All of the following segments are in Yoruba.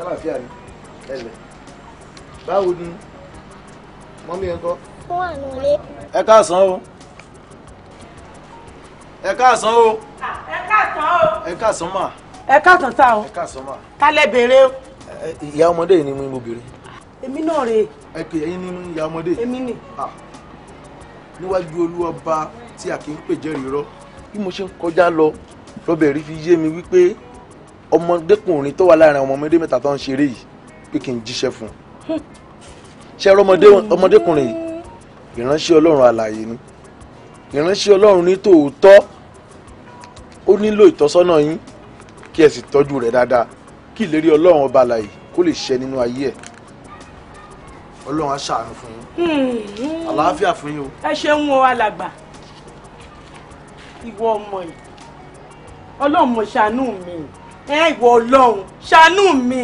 sálàáfíà ni ẹlẹ báwo ni mọ́mí ẹ kọ́. fún àná lé. ẹ káàsán o ẹ káàsán o. ẹ káàsán o. ẹ káàsán mà. ẹ káàsán tá o. ẹ káàsán mà. kálẹ̀ béèrè o. ìyá ọmọdé yìí ni mo béèrè. èmi náà rè é. ẹ pè ẹyin ní ìyá ọmọdé. èmi ni. níwájú olúwọba tí a kì í pè jẹ́rìí rọ bí mo ṣe ń kọjá lọ lọ́bẹ̀ rí fi yé mi wípé ọmọdékùnrin tó wà láàrin ọmọ ọmọdé mẹ́ta tó ń ṣeré yìí pé kí n jíṣẹ́ fún un ṣe ọmọdékùnrin yìí ìránṣẹ́ ọlọ́run àlàyé ni ìránṣẹ́ ọlọ́run ní tòótọ́ ó nílò ìtọ́sọ́nà yín kí ẹ sì tọ́jú rẹ̀ dáadáa kí ìlérí ọlọ́run ọba àlàyé kó lè ṣẹ nínú ayé ẹ̀ ọlọ́run á ṣàánú fún yín hmm. àlàáfíà fún yín o. ẹ ṣeun o alàgbà ìwọ ọmọ yìí ọlọ́run mọ̀ ṣàánú mi ẹ ìwọ Ọlọ́run ṣàánú mi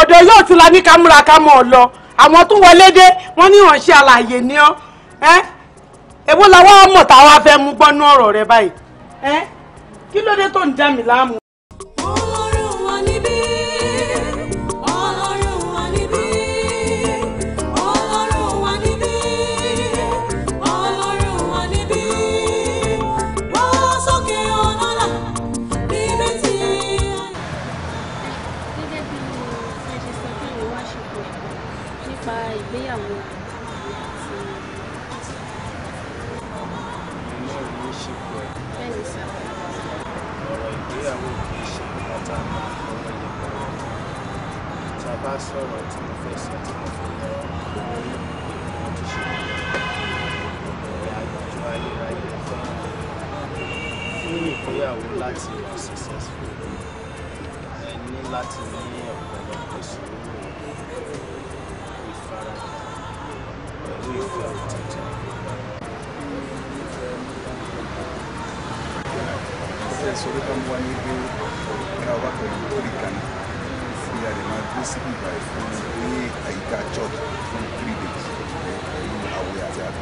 ọ̀dọ̀ yóò tún la ní kámúra kámú ọlọ àwọn tó wọlé dé wọn ní ìrànṣẹ́ àlàyé ni ọ ẹ èwo làwọn ọmọ táwa fẹ́ mú gbọnú ọ̀rọ̀ rẹ báyìí ẹ kí ló dé tó ń dá mi láàmú.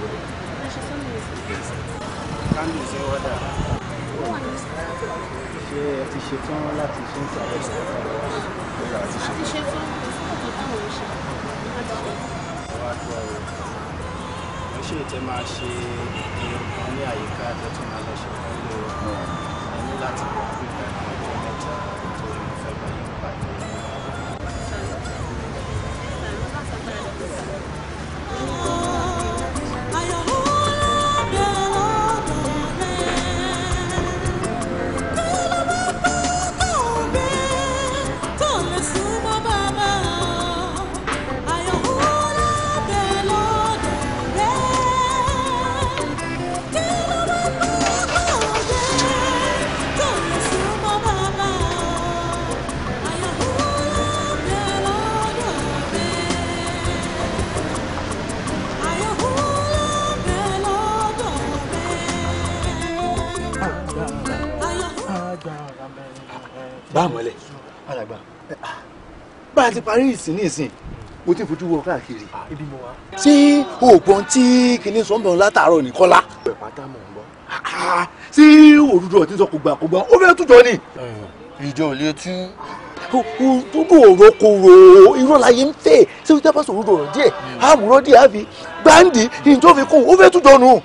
ṣé ẹ ti ṣetán láti ṣe ń sàlẹ̀ ṣe àti ṣetán àti ṣetán ọ̀tọ̀ táwọn ò ṣe láti ṣe. ọwọ́ àdúrà o mo ṣe ìtẹ́ máa ṣe èèyàn kan ní àyíká tó tún máa lọ ṣe fún ilé wa ẹ ní láti wà pé a ti parí ìsìn ní ìsìn mo ti fojú wọ káàkiri. Ah, ibi mo wá. tí oògùn tí kìíní sọ́nbọ̀n látàárọ̀ ní kọ́lá. Ah, sí òdúdó ọ̀tí sọ kò gbà kò gbà ó fẹ́ tújọ ni. Eh, ìjọ ò lè tú. dúdú òro kò rò irọ́ láyé ń fẹ́ ṣé o jábọ̀ sòrò rọ̀ díẹ̀ àwòrán hmm. díẹ̀ àfi gbáǹdì ìjọ fi kún ó fẹ́ tújọ nù.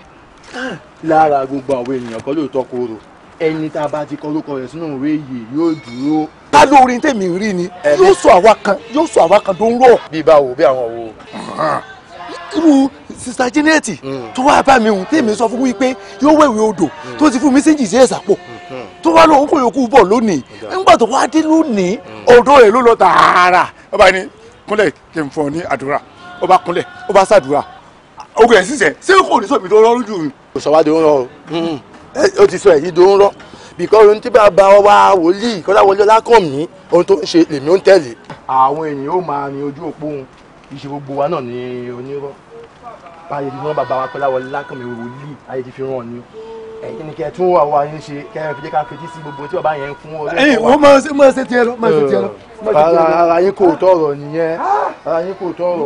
Ah, lára gbogbo àwọn ènìyàn kan lóòótọ́ kóró ẹni tá a bá ti kọ́ lóko rẹ̀ sínú òwe yìí yóò dúró ká lóorin tèmi rí ni yóò sọ àwa kan yóò sọ àwa kan tó ń rọ. bí báwo bí àwọn wo. irú sista Janet hmm. tó wá bá mi hùn tèmi sọ fún wípé yóò wẹ̀wẹ̀ odò hmm. tó ti fún mi sí jìjì ẹ̀sàpọ̀ hmm. tó wá lóun kò yòókù bọ̀ lónìí nígbà tó wá dé lónìí ọ̀dọ́ rẹ̀ ló lọ tààrà ó bá ní kúnlẹ̀ kí n fún ọ ní àdúrà ó bá kúnlẹ̀ ó bá ṣàdúrà ogun ẹ̀ sísẹ̀ ṣé kò ní sọ̀mí tó rọ́ lójú mi. kò sọ wá di because ohun tí bàbá wa wòlíì kọ́lá wọlé ohun tó ń ṣe lèmi ó ń tẹ̀lé. àwọn èèyàn ó máa rin ojú òpó wọn ìṣe gbogbo wa náà ní onírọ́ báyìí ti fi wọn bàbá wa kọ́lá wọlé wòlíì báyìí ti fi wọn ni ẹ̀yin ni kẹ tún wà wá yín ṣe kẹ ẹ fi ká fetí sí gbogbo tí bàbá yẹn fún ọdún. ẹ̀yin wọn máa ṣe máa ṣe tiẹ̀ lọ máa ṣe tiẹ̀ lọ. ara yín kò tọrọ nìyẹn ara yín kò tọrọ.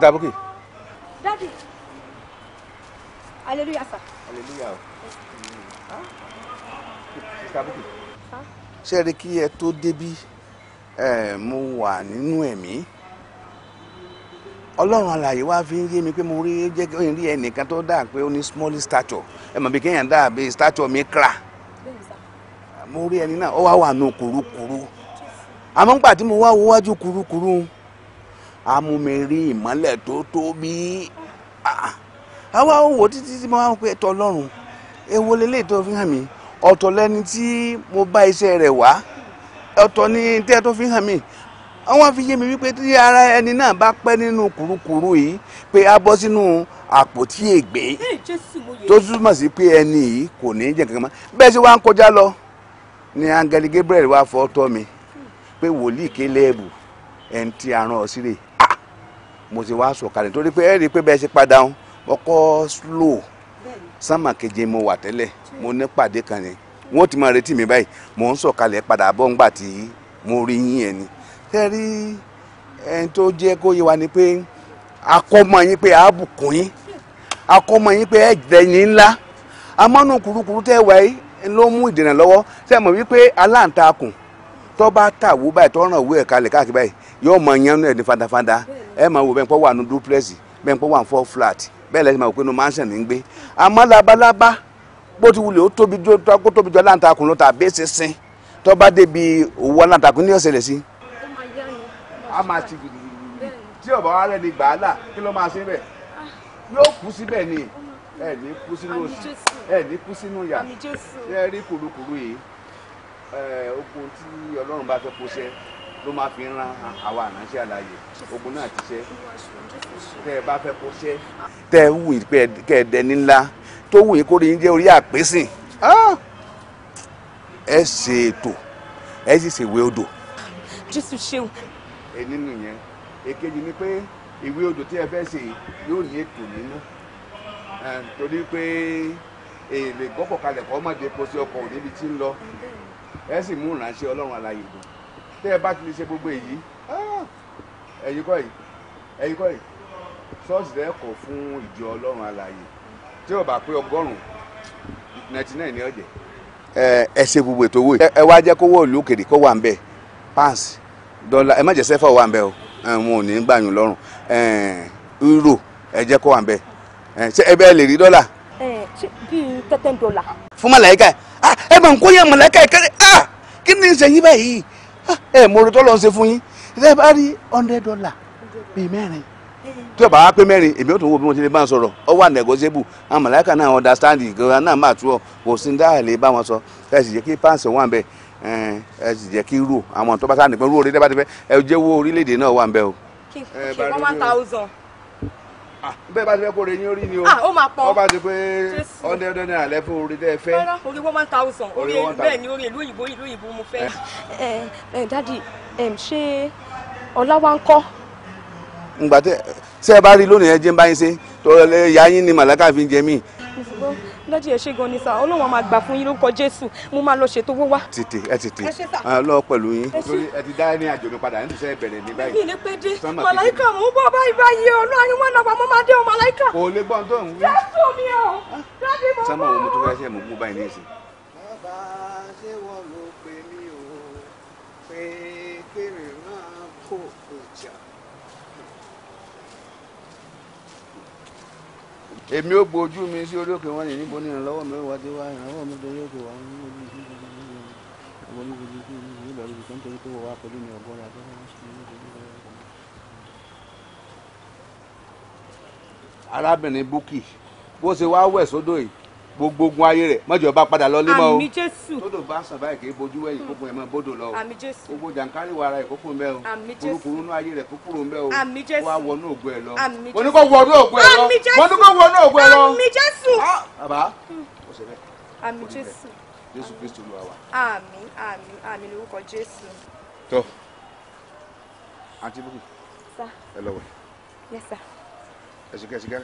ti ta bókè. dáàdì hallelujah sir. hallelujah sista bókè. ṣé ẹ rí kí ẹ tó mo fi ń yé mi pé mo rí jẹ́ kí n rí ẹnìkan tó dáa pé ó ní small stature ẹ mọ̀ bí kéèyàn dáa bí stature mi kra mo rí ẹni náà ó wá wà nù kúrúkúrú àmọ́ nígbà tí mo wá wo wájú kúrúkúrú. amúmeri ìmọ́lẹ̀ tó tóbi àwa ò wò títí tí mo máa ń pè tọ́ lọ́rùn èwo lélẹ́yìí tó fi hàn mí ọ̀tọ̀ lẹ́ni tí mo bá iṣẹ́ rẹ̀ wá ọ̀tọ̀ ni tẹ́ tó fi hàn mí wọ́n fi yé mi wípé tí ara ẹni náà bá pẹ́ nínú kùrukùru yìí pé a bọ́ sínú àpótí ègbé tó túmọ̀ sí pé ẹni yìí kò ní jẹ́ kankan bẹ́ẹ̀ sì wá ń kọjá lọ ni angeli Gabriel wá fọ́ tọ́ mi pé wòlíì kélébù ẹni tí a rán ọ sílẹ̀ mo ti wá sọ̀kalẹ̀ torí pé ẹ rí i pé bẹ́ẹ̀ ṣe padà ń ọkọ̀ slow sánmà keje mo wà tẹ́lẹ̀ mo ní pàdé kan ni wọ́n ti máa retí mi báyìí mo ń sọ̀kalẹ̀ padà bọ́ ńgbà tí mo rí yín yẹn ni tẹ́ rí ẹni tó jẹ́ kó yé wa ni pé akọ́mọ yín pé àbùkún yín akọ́mọ yín pé ẹ̀jẹ̀yìn ńlá amánú kurukuru tẹ́ wà yìí ló mú ìdènà lọ́wọ́ tẹ́ mọ̀ wípé aláǹtakùn tó bá tàwó báyìí tó ràn ẹ̀ kalẹ̀ káàkiri báyìí yóò mọ yánú ní fandafanda. Yeah ẹ máa wò bẹ́ẹ̀ pọ́ wà nù duplex bẹ́ẹ̀ pọ́ wà nù four flat bẹ́ẹ̀ lẹ́sìn máa wò pé nù mansion ní gbé àmọ́ labalábá bó ti wulẹ̀ ó tóbi jọ kó tóbi jọ láǹtakùn ló ta bẹ́ẹ̀ sísìn tó bá débi òwú aláǹtakùn ní ọ̀sẹ̀ lẹ̀ sí. a máa ti gidigidi tí ọ̀bà wa rẹ̀ ní gbàálà kí ló máa ṣe bẹ́ẹ̀ yóò kú síbẹ̀ ni ẹ ní kú sínú ẹ ní kú sínú yà ẹ rí kùrukùru yìí ẹ okun tí ọlọ́run bá fẹ́ kó ṣe ló máa fi ran àwa àránṣẹ́ àlàyé ogun náà ti ṣe tẹ́ ẹ bá fẹ́ kó ṣe. tẹ́ ẹ wù pé kẹ́ ẹ dẹni ńlá tó wù yín kó rí yín jẹ́ orí àpésìn ah! ẹ ṣe ètò ẹ sì ṣèwé odò. jésù ṣeun. ẹ nínú yẹn èkejì ni pé ìwé odò tí ẹ fẹ́ ṣe yóò ní ètò nínú torí pé èrè gbọ́kọ̀kalẹ̀ kọ́ mọ̀dé kó sí ọkọ̀ òní ibi tí ń lọ ẹ sì mú ìránṣẹ́ ọlọ́run àlàyé dùn. tẹ́ ẹ bá ti lè ṣe gbogbo èyí ah, ẹ̀yin kọ́ yìí ẹ̀yin kọ́ yìí ṣọ́ọ̀ṣì rẹ̀ kọ̀ fún ìjọ ọlọ́run alaye tí ó bá pé ọgọ́rùn-ún ninety nine ní ọ̀jẹ̀. ẹ ṣe gbogbo ètò owó ẹ wá jẹ́ kówó ìlú òkèèrè kó wà ń bẹ̀ ẹ má jẹ́ sẹ́fọ̀ wà ń bẹ̀ o wọn ò ní gbà yín lọ́rùn euro ẹ jẹ́ kó wà ń bẹ̀ ṣé ẹ bẹ́ẹ̀ lè rí dọ́là. tẹ́tẹ́ dọ́là. fún ah, ń kó yẹ ah, kí ni ṣe báyìí ẹ ah, eh, mo ro tọ́lọ́ ń ṣe fún yín ẹ bá rí hundred dollar bíi mẹ́rin tí ọba wa pé mẹ́rin èmi ò tún wo bí mo ti lè bá wọn sọ̀rọ̀ ọ wà negotiable àwọn màláìka náà understand ìgbéra náà máa tú ọ kò sí dáhà lè bá wọn sọ ẹ sì jẹ́ kí pàǹsì wà ń bẹ̀ ẹ sì jẹ́ kí rò àwọn tó bá sáà nìkan rú orí dẹ́gbàdẹ́fẹ́ ẹ jẹ́ wo orílẹ̀-èdè náà wà ń bẹ̀ o. kí n kí n one thousand bẹ́ẹ̀ bá ti fẹ́ kó re yín orí ni o ah, ó máa pọ̀ ó bá ti pé ọ̀dẹ́ ọ̀dẹ́ náírà lẹ́ fún orí tẹ́ ẹ fẹ́. orí one thousand orí bẹ́ẹ̀ ni orí ìlú òyìnbó ìlú òyìnbó mo fẹ́. ẹ ẹ dádì ṣé ọlá wa ń kọ́. ǹgbà tẹ ṣé ẹ bá rí lónìí ẹ jẹ́ ń bá yín ṣe tọ́lẹ̀ yá yín ni màláka fi ń jẹ míì dájú ẹ ṣe gan ni sá Ọlọ́run máa gbà fún yín lórúkọ Jésù mo máa lọ ṣètò owó wá. tètè ẹ tètè lọ pẹ̀lú yín lórí ẹ ti dá ní àjò mi padà nítorí sẹ́ẹ̀ bẹ̀rẹ̀ ní báyìí. mi ní pé mò ń bọ̀ báyìí báyìí o lóyún wọn náà mo máa dé o màláìkà. kò lè gbọ́n tó ń jésù mi o ah. dájú mo bọ̀. sámà èmi ó gbojú mi sí orí òkè wọn ní níbo ní ìrànlọ́wọ́ mi ó wá dé wá ìrànlọ́wọ́ mi dé òkè wá ní ojú ìgbà ní ojú ìgbà ní ìgbà nítorí pé wọ́n wá pẹ̀lú mi ọ̀gọ́ra àgbẹ̀rẹ̀ wọn sì ní ojú ìgbà. arábìnrin búkì bó ṣe wá wẹ̀ sódò yìí gbogbo ogun ayé rẹ̀ mọ́jọ́ bá padà lọ lé mọ́ o àmì jésù tódò bá sàn báyìí kì í bojú wẹ̀yìn kókun ẹ̀ mọ́ bódò lọ o àmì jésù gbogbo jàǹkárí wàrà ẹ̀ kókun bẹ́ẹ̀ o àmì jésù kúrúkúrú nú ayé rẹ̀ kúkúrú bẹ́ẹ̀ o àmì jésù wà wọnú ògo ẹ̀ lọ àmì jésù mo ní kó wọnú ògo ẹ̀ lọ mo ní kó wọnú ògo ẹ̀ lọ àmì jésù ah, bàbá ó ṣe bẹ́ẹ̀ àmì jésù jésù kristu ló wà wá. àmín àmín àmín lórúkọ jésù. tó àǹtí bùkún ẹ lọ wẹ̀ ẹ ṣe kẹ́ ẹ ṣe kẹ́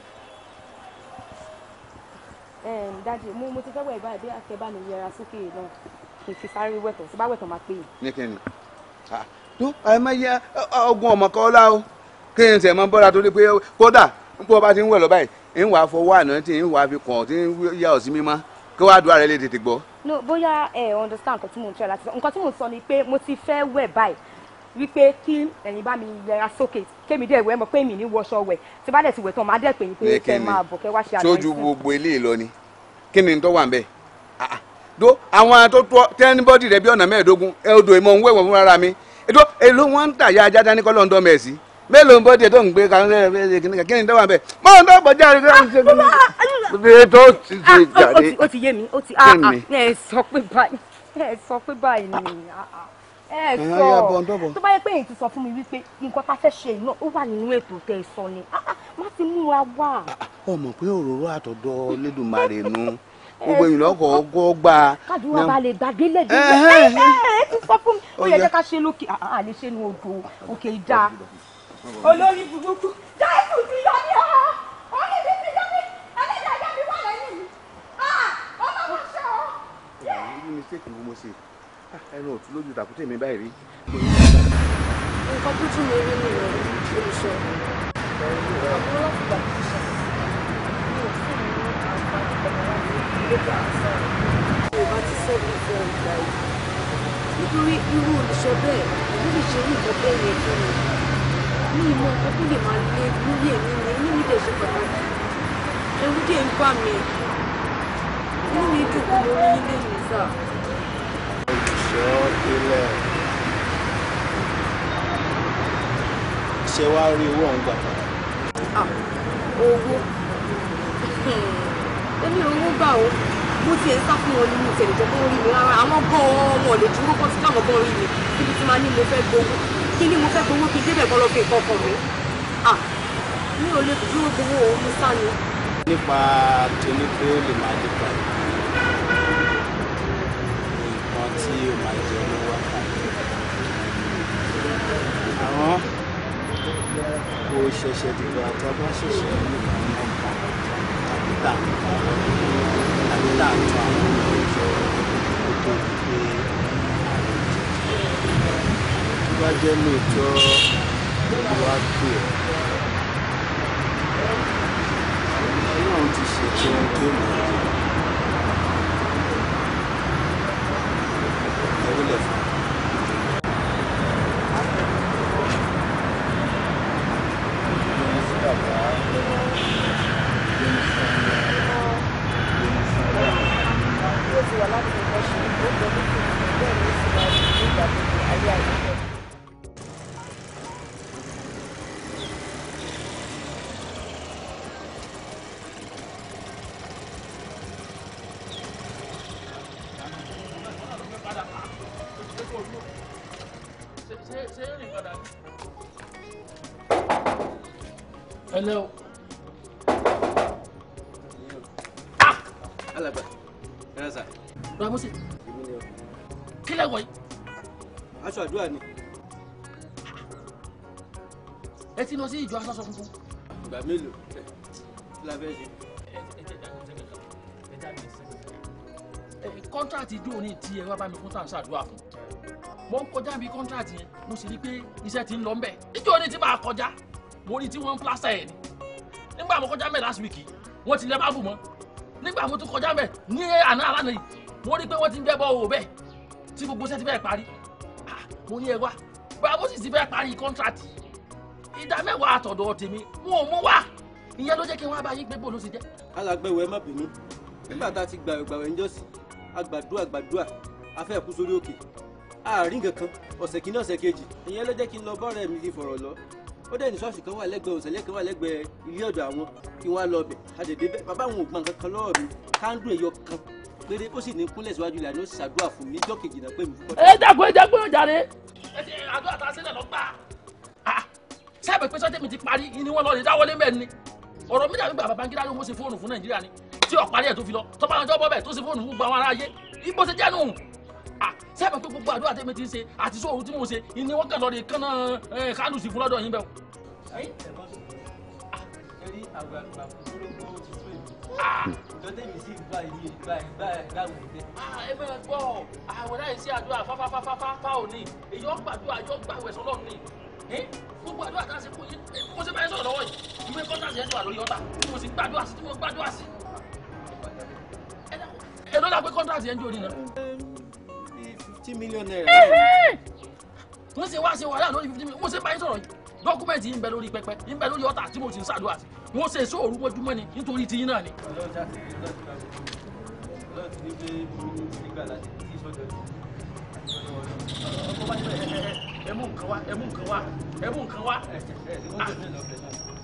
dájú mo mo ti fẹ́ wẹ̀ báyìí bí akẹ́bá mi yẹra sókè náà kì í fi sáré wẹ̀tọ̀ tí bá wẹ̀tọ̀ máa pè é. ní kí tó ẹ má yẹ ọgbọ́n ọmọ kan o kí n sẹ̀ mọ́ bọ́ra torí pé kódà n pọ́ bá ti ń wẹ̀ lọ báyìí ń wàá fọwọ́ àná tí ń wàá fi kàn tí ń yá ọ̀ sí mímọ́ kí wàá dùn ààrẹ lè tètè gbọ́. no bóyá ẹ understand nǹkan tí mò ń tẹ́ láti sọ nǹkan tí mò ń sọ ni pé mo ti fẹ́ wẹ̀ báyìí wípé kí ẹ̀yin bá mi yẹra sókè kémi dẹ̀ wẹ́ mọ̀ pé mi ní wọṣọ wẹ̀ tí bá dẹ̀ ti wẹ̀ tán máa dẹ̀ yín pé kẹ́ máa bọ̀ kẹ́ wá ṣe àdéhùn. sójú gbogbo eléyìí lọ ni kí ni tó wà ń bẹ̀ ah, ah. do àwọn tó tọ́ tẹ́nibọ́dì rẹ bí ọ̀nà mẹ́ẹ̀ẹ́dógún odò ìmọ̀ ń wẹ̀wọ̀ fúnra mi ètò eh, èló wọn ń tà ya ajá dání kọ́ lọ́ndọ́ mẹ́ẹ̀sì mélòó ń bọ́dì ẹ̀ tó ń gbé kan kí ni tó wà ń bẹ̀ mọ́ ọ̀n tó bọ̀já rẹ kí ah, tó ti ṣe jàre. ó ti yé mi ó ti ẹ sọ pé báyìí ẹ sọ pé báyìí ni ẹ sọ tó bá yẹ pé èyí ti sọ fún mi wípé nǹkan tá a fẹ́ ṣe náà ó wà nínú ètò tẹ ẹ sọ ni ah, ah, má ti múra wá. ọmọ pé òróró àtọ̀dọ̀ lẹ́dùnmarè nu gbogbo èyí lọkọ ọgọ gbà. kádùúrà bá lè gbàgbé lẹ́dùn ẹ ẹ ti sọ fún mi ó yẹ jẹ́ ká ṣe lókè àlè ah, ṣe nu odò òkè ìdá olórí burúkú dáìbù ti yọ ní ọ. mistake ni mo ṣe ẹnu ò tún lójú tàkúté mi báyìí rí. nǹkan tó tún mi rí ni olùṣọ́ àbúrò láti gbà kí ṣe mi ò fún mi ní àǹfààní ìgbàlá mi lókè àṣà mi ò bá ti sẹ́ẹ̀lì ìfẹ́ ìgbà yìí nítorí irú olùṣọ́ bẹ́ẹ̀ ló lè ṣe irú nǹkan bẹ́ẹ̀ yẹn fún mi ní ìmọ̀ nǹkan tó lè máa lé nílé mi ní inú mi dẹ̀ ṣe pàtàkì ẹ̀rù dẹ̀ ń bà mí inú mi dùn kú lórí ilé mi sáà jọ délẹ̀ ṣé wàá rí owó ọ̀hún gbà padà. Ah, owó èmi ò owó gbà o mo ti ẹ̀ ń sá fún wọn nínú ìṣẹ̀lẹ̀ tó kọ́ rí mi rárá àwọn gan-an wọn ò lè dúró kọ́ sí káwọn gan rí mi níbi tí máa ní mo fẹ́ gbowó kí ni mo fẹ́ gbowó kí n débẹ̀ kọ́ lọ fi nǹkan kan mi ah, mi ò lè dúró gbowó òun sá ni. nípa tèmi pé ó lè máa dé padà yóò máa jẹ olówó àwọn kò ṣẹ̀ṣẹ̀ dìgbà tá a bá ṣẹ̀ṣẹ̀ ní ìlànà ọkà tàbí tà tàbí вылез. aṣọ àdúrà ni. ẹ ti lọ sí ìjọ aṣọ funfun. ìgbà mélòó la fẹ́ ṣe. kọ́ńtàtì dùn ní ti ẹ wá fún tàǹsà àdúrà fún mo ń kọjá bíi kọ́ńtàtì yẹn mo sì rí i pé iṣẹ́ ti ń lọ ńbẹ̀ ìjọ ni ti bá a kọjá mo rí tí wọ́n ń plásà ẹ̀ ni nígbà mo kọjá mẹ́ last week wọ́n ti lẹ́ bá bù mọ́ nígbà mo tún kọjá mẹ́ ní àná àlànà yìí mo rí i pé wọ́n ti ń bẹ́ bọ́ òwò bẹ́ẹ̀ tí gbogbo iṣẹ́ ti bẹ́ẹ̀ parí mo ní ẹ wá báwo sì ti fẹ́ parí kọ́ńtrátì ìdá mẹ́wàá àtọ̀dọ̀ tèmi wọn ò mú wá ìyẹn ló jẹ́ kí wọ́n bá yín gbé bò ló ti jẹ́. alágbẹ̀wò ẹ má bínú nígbà tá a ti gbàwẹ̀ gbàwẹ̀ ńjọ́sí agbàdúrà gbàdúrà a fẹ́ kú sórí òkè àárín kankan ọ̀sẹ̀ kìíní ọ̀sẹ̀ kejì ìyẹn ló jẹ́ kí n lọ bọ́ọ̀rẹ́ mi ti fọ̀rọ̀ lọ ó dẹ̀ ní ṣọ́ọ̀ṣì kan wà lẹ́gbẹ̀ẹ́ òṣèlè kan wà lẹ́gbẹ̀ẹ́ ilé ọ̀dọ̀ àwọn kí wọ́n á lọ bẹ̀ àdèdè bẹ́ẹ̀ bàbá àwọn ògbọ́n kankan lọ́wọ́ mi kándùn èyọ kan péré ó sì ní kúnlẹ̀ síwájú ìlànà ó sì ṣàdúrà fún mi níjọ́ kejì náà pé mi fún kọ́tà. ẹ dàgbé dàgbé ọjà rẹ. ẹ ṣe àdúrà tá a sílẹ̀ lọ gbà. sábẹ̀ pé sọ́tẹ́mi ti parí ni wọ́n lọ lè dáwọ́lé mẹ́rin ni ọ̀rọ̀ mi dàbí bàbá Babangida ló ń ṣe fóònù fún Nàìjíríà ni tí ọ̀parí ẹ̀ tó fi lọ tó bá wọn jọ́ bọ́ bẹ́ẹ̀ tó ṣe fóònù gbogbo àwọn ará ayé igbó ṣe jẹ́ nù sábà pé gbogbo àdúrà tẹ́mi ti ń ṣe àti sóòrù tí mo ṣe ni wọ́n kàn lọ rè kánná kánú sí fún lọ́dọ̀ yín bẹ́ẹ̀. ẹ̀rí àgbààgbà kúrò kúrò tuntun yìí tọ́tẹ̀mí sí gba ìlú ìgbà ìgbà ìgbà wẹ̀dẹ̀. ẹ bẹ́ẹ̀ gbọ́ àwẹ̀ láì sí àdúrà fáfáfáfáfá òní èyí ọ̀pá àdúrà àjọ gbà wẹ̀sán lọ́ọ̀ ni gbogbo àdúrà tá a ṣe kó yé kó ṣe báyìí sọ̀rọ̀ lọ́wọ́ yìí ìwé kọ́ńtà ṣe ń sọ̀rọ̀ lórí ọ̀tà tí mo sì gbàdúrà sí tí mo gbàdúrà sí. ẹ lọ́dà pé kọ́ńtà ṣe ń jó ni náà. fifty million naira. wọ́n ṣe wá ṣe wàhálà lórí fifty million wọ́n ṣe báyìí sọ̀rọ̀ yìí dọ́kúmẹ̀ntì ń bẹ lórí pẹpẹ ń bẹ lórí ọ̀tà tí mo ti ń ṣàdúrà sí wọ́n ṣe èso òru mọ́júmọ́ ni nítorí tiyín náà ni. ẹmú nǹkan wá ah,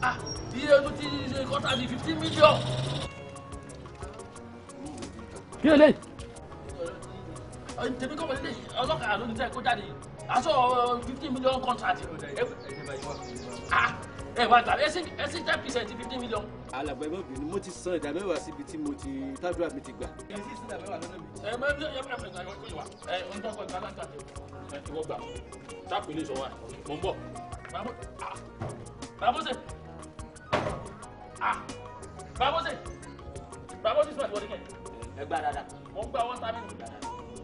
ah, iye tó ti ṣe kọ́tà di fifteen million. kí lè lè. tèmi ló ní sẹ́ẹ̀ kó jáde yìí aṣọ uh, fifteen million contract ẹ wá gbà ẹsìn ẹsìn ten percent fifteen million. alàgbà ẹgbẹ́ obìnrin mo ti san ìdá mẹ́wàá síbi tí mo ti tábìlà mi ti gbà. ẹ ti sin ìdá mẹ́wàá lọ́nà mi. ẹ mọ ẹbí ẹbí ẹbí ẹbí ẹbí wa ẹ ń tọ́kọ ìgbà láǹtà tẹ ẹ ti wọ́n gbà táàpù ilé ìṣọwọ́ ẹ mọ̀ ń gbá ah, ah, dáadáa. mo ń gbá wọn sábẹ́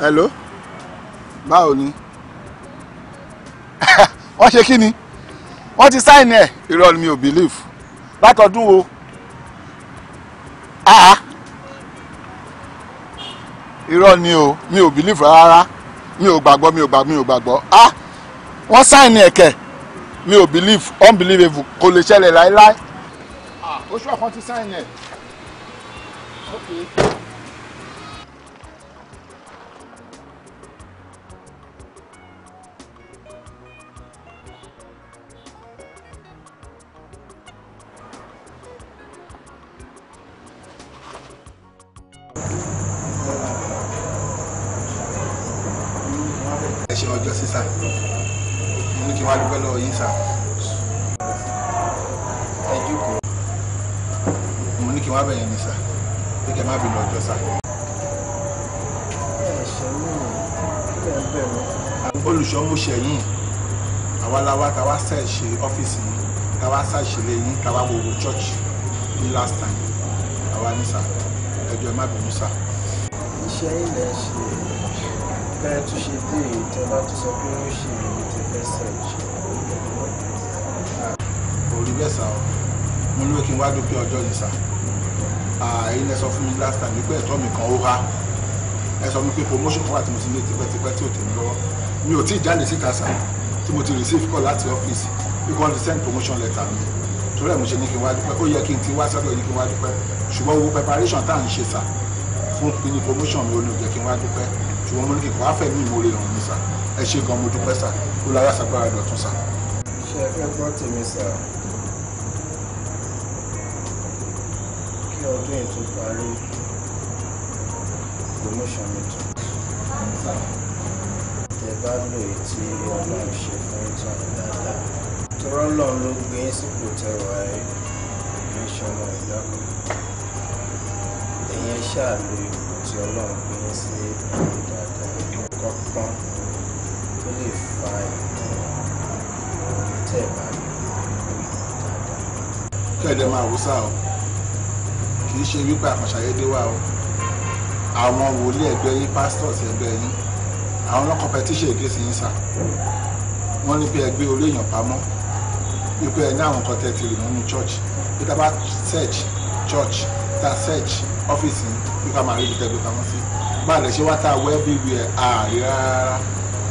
hello báwo ni wọ́n ṣe kí ni wọ́n ti sáìn ẹ̀ irọ́ mi ò believe látọdún o ah, ah irọ́ ni o mi ò believe rárá mi ò gbàgbọ́ mi ò gbàgbọ́ mi ò gbàgbọ́ ah wọ́n sign ẹ̀ kẹ̀ mi ò believe unbelievable kò lè ṣẹlẹ̀ láéláé. oṣù ah, àkọ́ntì sign ẹ̀. okay. ṣe ọ́fíìsì yìí táwa ṣàṣìlẹ yìí táwa gbogbo church ní last time àwa ní sà ẹjọ ẹ má bínú sà. iṣẹ́ ilẹ̀ ṣe bẹ́ẹ̀ tún ṣe dé ìjọba tó sọ pé ó ṣe ètò message. orí bẹ́ẹ̀ sà ọ́ mo ní kí n wá dúpẹ́ ọjọ́ yìí sà ilé sọ fún mi last time pé ẹ̀tọ́ mi kan ó ha ẹ sọ fún mi pé promotion kan wà tí mo ti ní tipẹ́tipẹ́ tí ò tẹ̀ mí lọ́wọ́ mi ò tí ì jáde síta sà tí mo ti receive call láti ọ́fíìsì because they send promotion letter mi torí ẹ̀ mo ṣe ní kí n wá dúpẹ́ ó yẹ kí n ti wá sọ́dọ̀ yìí kí n wá dúpẹ́ ṣùgbọ́n owó preparation tá à ń ṣe sà fún pinni promotion mi ó ní jẹ́ kí n wá dúpẹ́ ṣùgbọ́n mo ní kí n wá fẹ̀ mí ìmoore hàn mi sà ẹ ṣe gan mo dúpẹ́ sà ó lára sàgbára dọ̀tún sà. ṣe ẹ fẹ́ gbọ́ tèmi sà kí ọdún ètò parí promotion mi tó tẹ bá lóye tí ọlọ́run ṣe rọ́lọ́ ló gbé sípò tẹwàá ẹ̀ ní sọmọ ìyá kan ẹ̀yẹn ṣáàlú ipò tí ọlọ́run gbé sí ẹ̀yìn dáadáa ẹ̀kọ́ pọ́n tó lè fa ìmọ̀ ohun bá lò dáadáa. kẹ́ẹ̀dẹ̀ máa wò sáà o kì í ṣe wípé àkànṣayédé wà o àwọn wòlíì ẹgbẹ́ yín pastors ẹgbẹ́ yín àwọn ọlọ́kọ̀ọ́ pẹtíṣẹ̀ ìgbésí yín sà wọ́n ní bí ẹgbẹ́ orí èèyàn pamọ́ wípé ẹ ní àwọn nǹkan tẹ́ ti rí nínú church bí ká bá search church ta search ọ́fíìsì bí ká máa rí ibi tẹ́gbẹ́ pamọ́ sí bá a lè ṣe wá tá a wọ everywhere ààrẹ rárá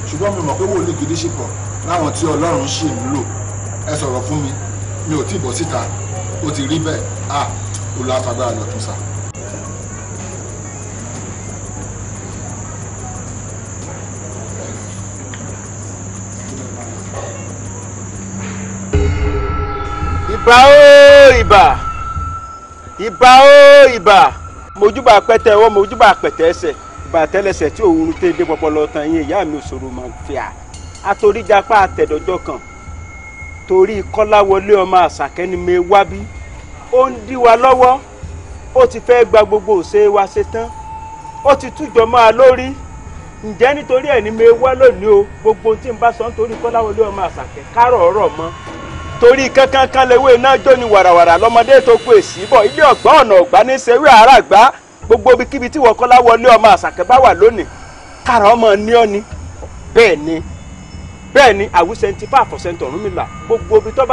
ṣùgbọ́n mi mọ̀ pé wòlíì gidi ṣì pọ̀ láwọn tí ọlọ́run ṣì ń lò ẹ sọ̀rọ̀ fún mi mi ò tí ì bọ́ síta ó ti rí bẹ́ẹ̀ ah olùwàfàgbà lọ́tún sáà. iba ó iba ìbà ó ìbà mojúbà pẹtẹ ọwọ́ mojúbà pẹtẹ ẹsẹ̀ ìbà tẹlẹsẹ tí òun tẹ dé pọpọlọ tán yín ìyá mi òṣòro mà fìà atoríjàpá kan torí kọ́láwọlé ọmọ àṣàkẹ́ni mi ó ń dí wa lọ́wọ́ ó ti fẹ́ gba gbogbo òṣè wa ṣe tán ti tújọ lórí ǹjẹ́ nítorí ẹ̀ mi wá lónìí o gbogbo tí n bá sọ nítorí kọ́láwọlé ọmọ àṣàkẹ́ kárọ̀ torí kankan kan lewé iná jó ni wàràwàrà lọmọdé tó pè sí bọ̀ ilé ọ̀gbá ọ̀nà ọ̀gbá ní sẹ́wé gbogbo ibikíbi tí wọ́kọ́lá wọlé ọmọ àṣàkẹ́ bá wà lónìí kára ọ bẹ́ẹ̀ ni bẹ́ẹ̀ ni àwùsẹ̀ ti fà àfọ̀sẹ̀ tọ̀rún mi là gbogbo ibi tó ni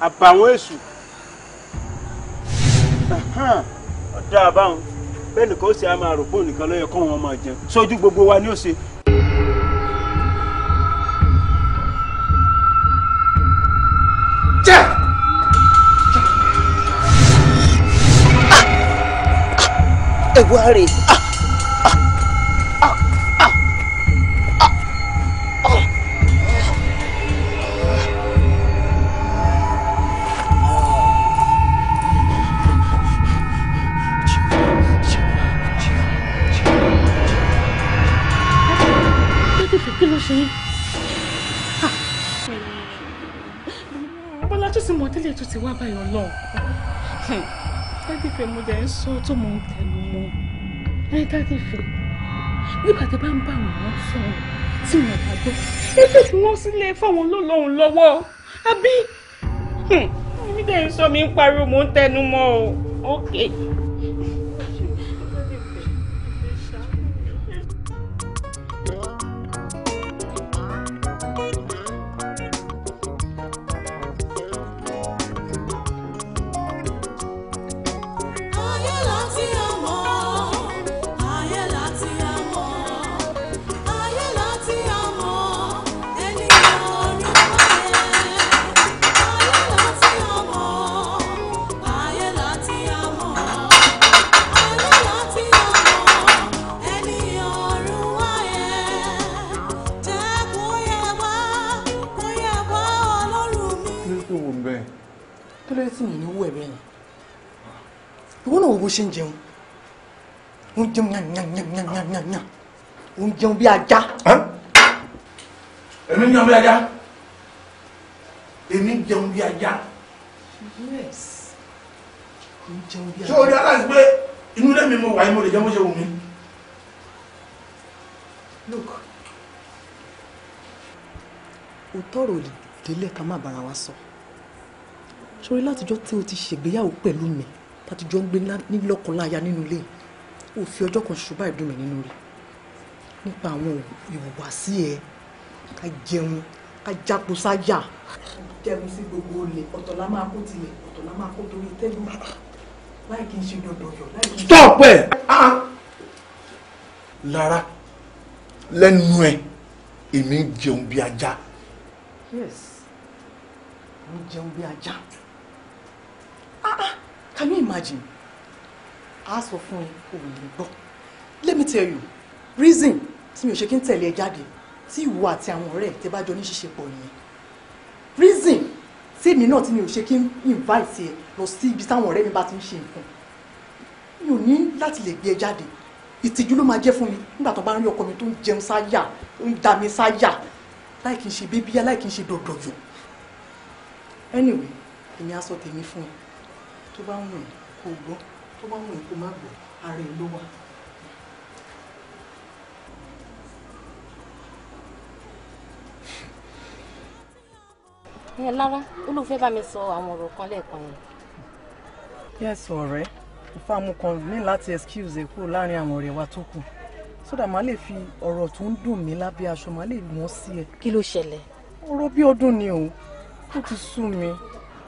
àbàwọn èṣù àbáwọn bẹ́ẹ̀ ni ó ṣe. ẹ̀wọ́ rẹ̀. Bọ́lá tó ti mọ̀ tẹ́lẹ̀ tó ti wá báyọ̀ lọ dáàdì fẹ́ mo dẹ̀ ń sọ tó mo ń tẹnu mọ́ ẹ dáàdì fẹ́ nígbà tó bá ń bá wọn sọ̀rọ̀ tí wọn bá gbọ́ ẹ fẹ́ fi wọ́n fáwọn olólùwọ̀n lọ́wọ́ àbí mi dẹ̀ ń sọ mi ń pariwo mo ń tẹnu mọ́ o ok. ṣe ń jẹun ó ń jẹun yànyànyànyànyànyà ó ń jẹun bí ajá. èmi ń jẹun bí ajá èmi ń jẹun bí ajá. ṣé o rí aláìsí pé inú ilé mi mo wà yìí mo lè jẹ́ bó ṣe wù mí. look òótọ́ rò lè délé ká má bára wa sọ sórí látijọ́ tí o ti ṣègbéyàwó pẹ̀lú mi tàtijọ́ ń gbé nílọ́kọ̀láyà nínú ilé ò fi ọjọ́ kan ṣoṣo báyìí dùn mí nínú rẹ̀ nípa àwọn ìhùwàsí ẹ ká jẹun ká jápo sáyà. jẹun sí gbogbo olè ọ̀tọ̀ la máa kó tilẹ̀ ọ̀tọ̀ la máa kó torí tẹ́lẹ̀ láì kí n ṣe dandan yọ láì kí n ṣe. stop ẹ ah! lára lẹ́nu ẹ èmi ń jẹun bí ajá. yes mo ń jẹun bí ajá can you imagine a sọ fún ẹ kò lè gbọ́ let me tell you reason tí mi ò ṣe kí n tẹ̀lé ẹ jáde tí ìwọ àti àwọn ọ̀rẹ́ tẹ bá jọ ní ṣíṣe pọ̀ nìyẹn reason tí èmi náà tí mi ò ṣe kí n invite ẹ lọ sí ibi táwọn ọ̀rẹ́ mi bá ti ń ṣe nǹkan mi ò ní láti lè gbé ẹ jáde ìtìjú ló máa jẹ́ fún mi nígbà tó bá ń rí ọkọ mi tó ń jẹun sáyà tó ń da mi sáyà láì kí n ṣe bébíyá láì kí n ṣe dọ̀dọ̀yọ̀ anyway èmi á sọ tèmi fún ẹ tó bá wù ẹ́ kó gbọ́ tó bá wù ẹ́ kó má gbọ́ ara ẹ̀ ló wà. ẹ lára olùfẹ́ bá mi sọ àwọn ọ̀rọ̀ kan lẹ́ẹ̀kan yẹn. yẹ́sì ọ̀rẹ́ ìfàmù kan ní láti excuse ẹ̀ kúrò láàrin àwọn ọ̀rẹ́ wa tó kù sódà má lè fi ọ̀rọ̀ tó ń dùn mí lábẹ́ aṣọ má lè wọ́n sí ẹ. kí ló ṣẹlẹ̀. oró bí ọdún ni o ó ti sú mi.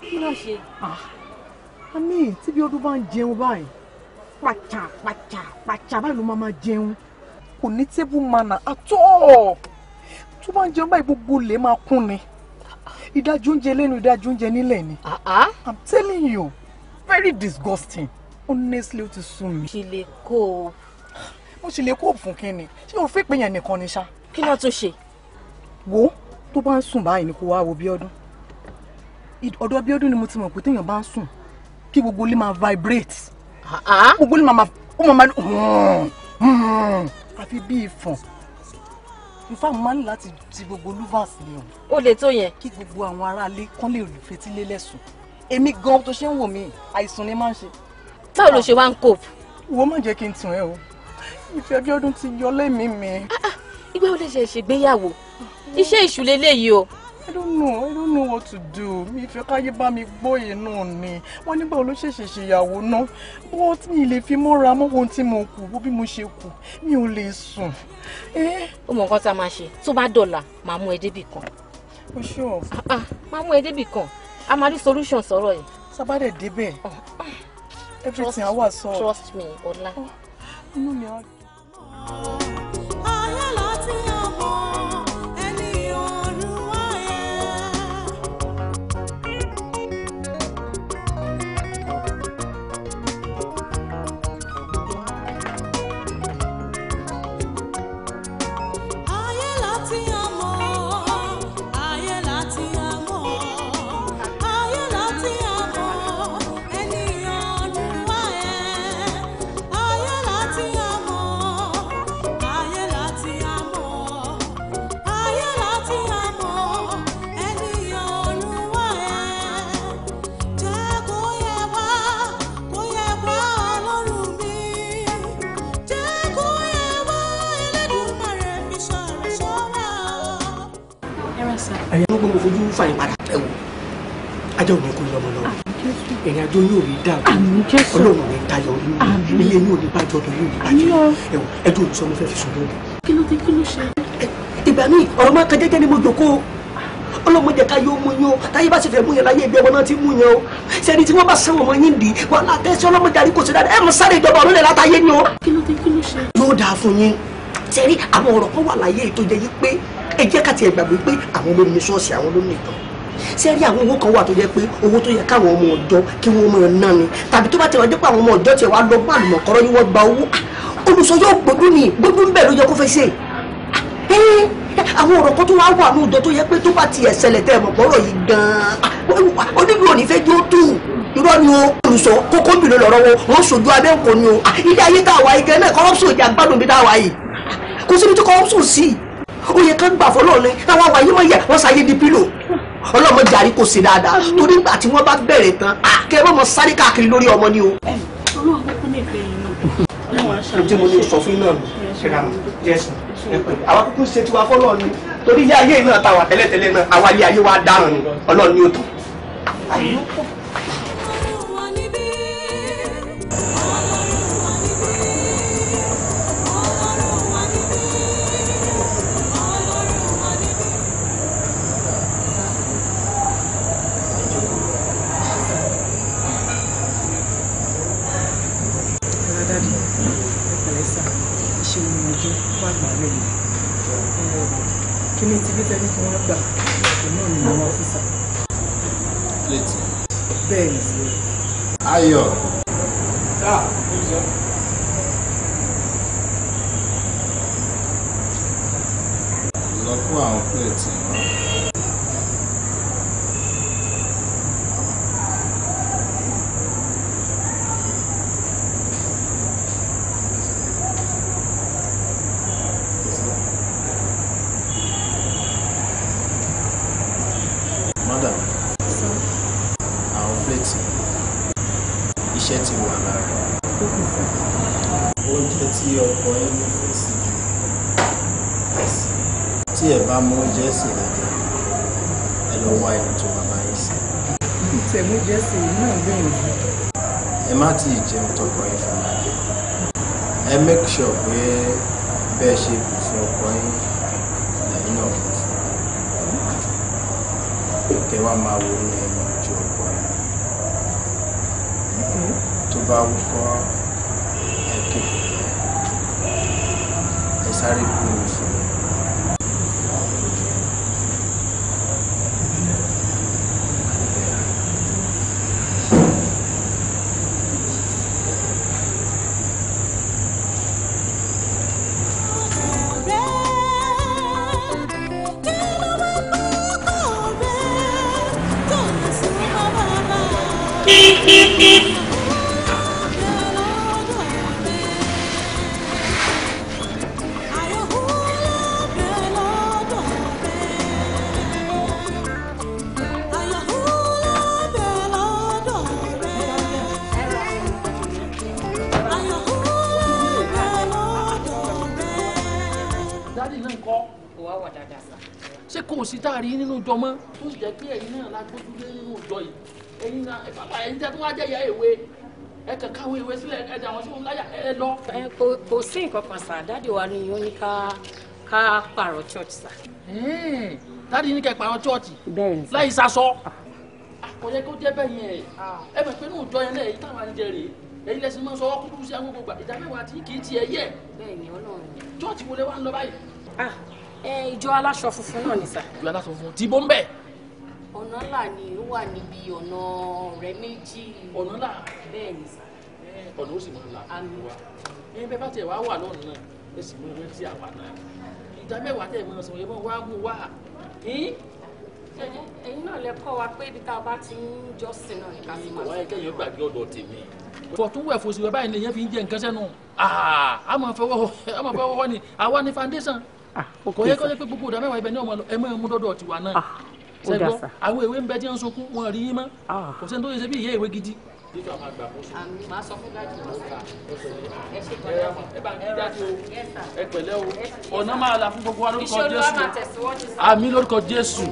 kí ló ṣe. Ah àmì tí bí ọdún bá ń jẹun báyìí pàtà pàtà pàtà báyìí ló máa máa jẹun kò ní table manner at all tó bá ń jẹun báyìí gbogbo lè máa kún ni ìdájú oúnjẹ lẹ́nu ìdájú oúnjẹ nílẹ̀ ni ah, ah. i'm telling you very disgusting honestly ó ti sún mi. ṣe lè kó o. mo ṣe lè kó o fún kínni ṣé o fẹ́ pé yẹn nìkan ni ṣá. kí ló tún ṣe. wo tó bá ń sùn báyìí ni kò wá wo bí ọdún ọ̀dọ̀ bí ni mo ti mọ̀ pé téèyàn bá ń sùn kí gbogbo ilé máa vibrate gbogbo ilé máa ó máa máa àfi hmm, hmm, hmm. bí ìfọ̀n ìfọ̀n máa ń láti ti gbogbo luvas ni o. ó lè tó yẹn. kí gbogbo àwọn aráalé kán lè rí fetílé lẹ́sùn èmi gan tó ṣe ń wò mí àìsàn ni máa ń ṣe. báwo ló ṣe wá ń cope. wo má jẹ́ kí n tàn ẹ́ o ìfẹ́ Abíọ́dún ti yọ lẹ́mìí mi. Ah, ah. ìgbà wo lè ṣe ṣègbéyàwó iṣẹ́ ìṣúlẹ̀ lèyí o. I don't know I don't know what to do mi fẹ́ káyé bá mi gbóyè náà ni wọ́n nígbà wo ló ṣẹ̀ṣẹ̀ ṣèyàwó náà but mi lè fi mọ́ra mọ́ ohun tí mo kù bó bí mo ṣe kù mi ò lè sùn. ó eh? mọ nǹkan tá a máa ṣe tó bá dọ̀là màá mú ẹ débì kan. o ṣe o. màá mú ẹ débì kan a máa rí solution sọ̀rọ̀ yìí. sábàdẹ̀ débẹ̀ oh, oh. everything I was so. trust me ọlá. Oh, inú mi á. ọ̀yọ́ lọ ọmọ. fojú fà yín padà ẹ wò ajá ò ní kó lọ́mọ lọ́wọ́ ìrìn àjò yóò rí dáàbò ọlọ́run ní tayọ orí ilé yóò ní bàjẹ́ ọdún yóò ní bàjẹ́ ẹ wò ẹjọ́ òní sọ mo fi sùn lónìí. kí ló dé kí ló ṣe. ìgbà míì ọ̀rọ̀ máa kan jẹ́jẹ́ ni mo jókòó ọlọ́mọdé ká yóò mú yín o táyé bá sì fẹ́ mú yín láyé ìgbẹ́ ọmọ náà ti mú yín o sẹ́ni tí wọ́n bá sáwọn ọmọ yín dì wọ́n látẹ́sí ọlọ́mọdé àríkò sí dáadáa ẹ̀ mọ sáré ìjọba olólè látàyé ni o. kí ló dé kí ló ṣe. yóò dáa fún yín sẹ́rí àwọn ọ̀rọ̀ kan wà láyé ètò jẹ́ yí pé ẹ jẹ́ ká tiẹ̀ gbàgbé pé àwọn ló ní ṣọ́ọ̀ṣì àwọn ló ní ìtàn ṣé rí àwọn owó kan wà tó jẹ́ pé owó tó yẹ káwọn ọmọ ọ̀dọ́ kí wọ́n máa ná ni tàbí tó bá tẹ̀wọ́n dípò àwọn ọmọ ọ̀dọ́ tiẹ̀ wá lọ bá àlùmọ̀kọ́rọ́ yín wọ́n gba owó ah, olùsọ yóò gbójú ni gbójú ń bẹ̀ ló yẹ kó fẹ́ ṣe ah, àwọn ọ̀rọ̀ kan tó wá wà ní ọ̀dọ́ tó yẹ pé tó bá ti ẹ̀sẹ̀lẹ̀ tẹ̀ mọ̀ pọ̀rọ̀ yìí gan-an ah, oníbi òní fẹ́ jó tù irọ́ ni o olùsọ kókó bìrì lọ́rọ́ wo wọ́n ṣojú abẹ́ ńkọ ni o ilé ayé tá a wáyé gẹ́gẹ́ náà corruption ìjà bí tá a wáyé kò síbi tí corruption sí i ó yẹ kán gbà fọlọ́ọ̀lẹ́ àwọn àwàyé máa yẹ wọ́n sáyé di pílò ọlọ́mọ jàrí kò sí dáadáa torí nígbà tí wọ́n bá bẹ̀rẹ̀ tán àkẹ́ mọ́mọ́ sáré káàkiri lórí ọmọ ni o. ọlọ́run mo ní sọ fún náà ṣẹlá jẹsùn ẹpẹ àwọn kúkú ṣe tiwa fọlọ́ọ̀ ni torí ilé ayé náà ta wà tẹ́lẹ̀tẹ́lẹ̀ náà àwa ilé ayé wa dáràn ni ọlọ́run ni ó tán. friends. Ayọ̀. Lọ kó àwọn pléètì. tó kọ yín fún mi ẹ make sure pé bẹ́ẹ̀ ṣe bù fún ọkọ yín lẹ́yìn náà bù fún un kẹ wá máa wo ní ẹnu ojú ọkọ yín tó bá wúkọ́ ẹ kékeré ẹ sáré gbóná. bá jẹ́ ìyá ìwé ẹ kàn káwé ìwé sílẹ̀ ẹ dà wọ́n sí wọn láyà ẹ lọ. kò sí nǹkan kan sà dáàdi wa ni ó ní ká ká pààrọ̀ church sà. Hmm. dáàdi ní kẹ́ pààrọ̀ church láì sasọ ah. kò yẹ kó jẹ́ bẹ́ẹ̀ yẹn ẹ mọ̀ pé ní òjọ yẹn lẹ́yìn táwọn ń jẹ rèé èyí lẹ́sìn máa ń sọ ọwọ́ kúkú sí agogo gbà ìdá mẹ́wàá tí kì í tiẹ̀ yẹ. bẹ́ẹ̀ni Ọlọ́run ni. chọọchì wo lè wá ń lọ báyìí. Ah, ìjọ aláṣọ funfun náà ni sà. ìjọ aláṣọ funfun tí bó ọ̀nà là ni ó wà níbi ọ̀nà ọ̀rẹ́ méjì. ọ̀nà là bẹ́ẹ̀ ni sà. ọ̀nà ó sì máa là fún wa ẹ bẹ́ẹ̀ bá tiẹ̀ wá wà lọ́nà náà ẹ sì máa rántí àwa náà ìdá mẹ́wàá tẹ̀ mọ́ sọ̀rọ̀ yẹn mọ́ wá mú wá ẹ̀yin náà lè kọ́ wa pé ibi tá a bá ti ń jọ́sìn náà ní ká sì máa ṣe. ìwà ẹ̀kẹ́ yẹn gbàgbé ọ̀dọ̀ tèmi. fọ̀tún wẹ̀ fòsì wẹ̀ báyìí fi ń jẹ nǹkan sẹ́nu a máa fẹ́ wọ́wọ́ ni àwa ni foundation ah, kò yẹ kó yẹ pé gbogbo ìdá mẹ́wàá ibẹ̀ ni ọmọ ẹ sẹ́gbọ́n àwọn ìwé ń bẹ tí wọ́n ń sunkún wọn rí yín mọ́ ah. kò sẹ́ni tó lè ṣe bí ìyá ìwé gidi. o ọ̀nà máa là fún gbogbo wa lórúkọ Jésù àmín lórúkọ Jésù.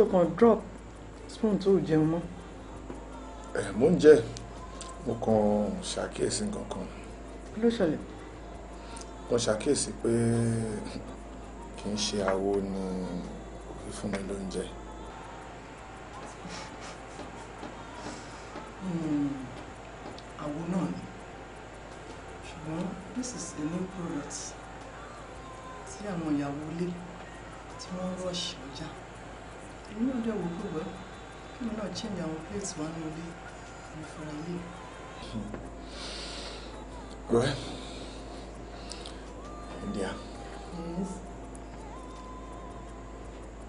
tó kàn drop spoon tó jẹun mọ́. ẹ mò ń jẹ mo kàn ṣàkíyèsí nǹkan kan. kí ló ṣẹlẹ̀. mo ṣàkíyèsí pé kì í ṣe àwo ni fífún mi lóúnjẹ. àwo hmm, náà ni ṣùgbọ́n this is a new product tí àwọn ìyàwó ilé tí wọ́n rọ̀ṣì ọjà èmi náà dẹ̀ wò ó gbogbo ẹ̀ kí change àwọn plates wà nínú ilé mi fúnra ilé. Well, India. Yes.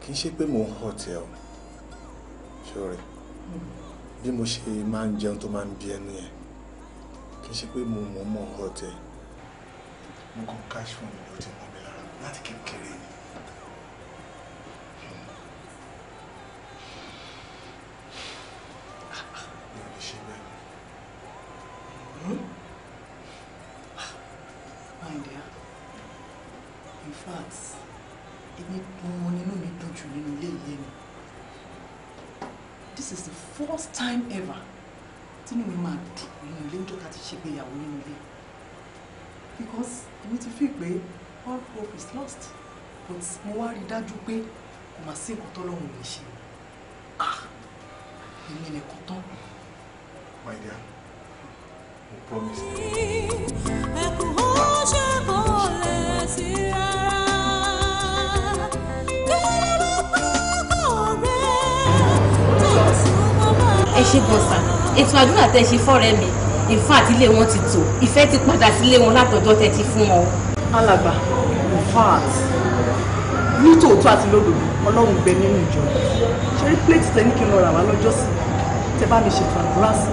Can í ṣe more mò Sorry. họ̀tẹ̀ ọ́, ṣọ́ọ̀rẹ́. Bí mo ṣe máa ń jẹun tó máa ń bí ẹnu yẹn, kì ṣe pé mo mọ̀ mọ̀ họ̀tẹ̀. Mo kàn cash fún mi ló ti mi lára láti kékeré ni. fact èmi mo nínú mi dùn nínú ilé ìyé mi this is the first time ever tínú mi máa dùn nínú ilé níjọ́ ká ti ṣègbéyàwó nínú ilé because èmi ti fi pé all hope is lost but mo wá rí i dájú pé kò mà sí nǹkan tọ́lọ́hún lè ṣe ah èmi nìkan tán. my dear mo promise. ẹkùn ṣe gan sa ètò àdúrà tẹ ṣe fọ́rẹ́ mi ìfún àtìlé wọn ti tò ìfẹ́ ti padà sílé wọn látọjọ́ tẹ ti fún wọn. alàgbà in fact nítòótọ́ àti lódodo ọlọ́run gbẹ nínú ìjọ ṣe rí plate tẹ ní kí n lọ rà wá lọ́jọ́ sí tẹ bá mi ṣètò àdúrà sí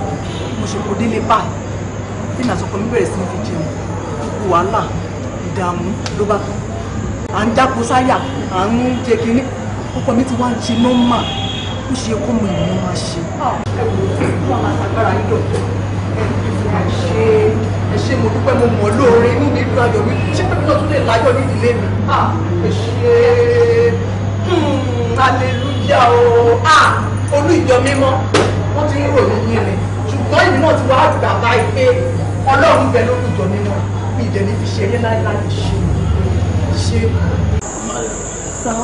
mo ṣe kó délé báyìí bí nàṣọkọ mi bẹ̀rẹ̀ sí fi jẹun gbogbo wàhálà ìdààmú ló bá tó à ń dáko sáyà à ń jẹ kínní ọkọ mi ti wá ń ṣe nọ́mà ó ṣe kó mo ìlú máa ṣe bára yín dọ̀tọ̀ ṣe ẹ ṣe mo dúpẹ́ mo mọ̀ lóore inú mi dùn ayọ̀ mi ṣé pé mo tún lè láyọ̀ ní ìdílé mi ẹ ṣe hmm, aleluya o olú ìjọ mímọ́ wọ́n ti ń ròyìn yín rìn ṣùgbọ́n èmi náà ti wá àgbà báyìí pé ọlọ́run bẹ lórí ìjọ mímọ́ mi ìdẹ̀ ní fi ṣe eré láyé láti ṣe ṣe. sọ.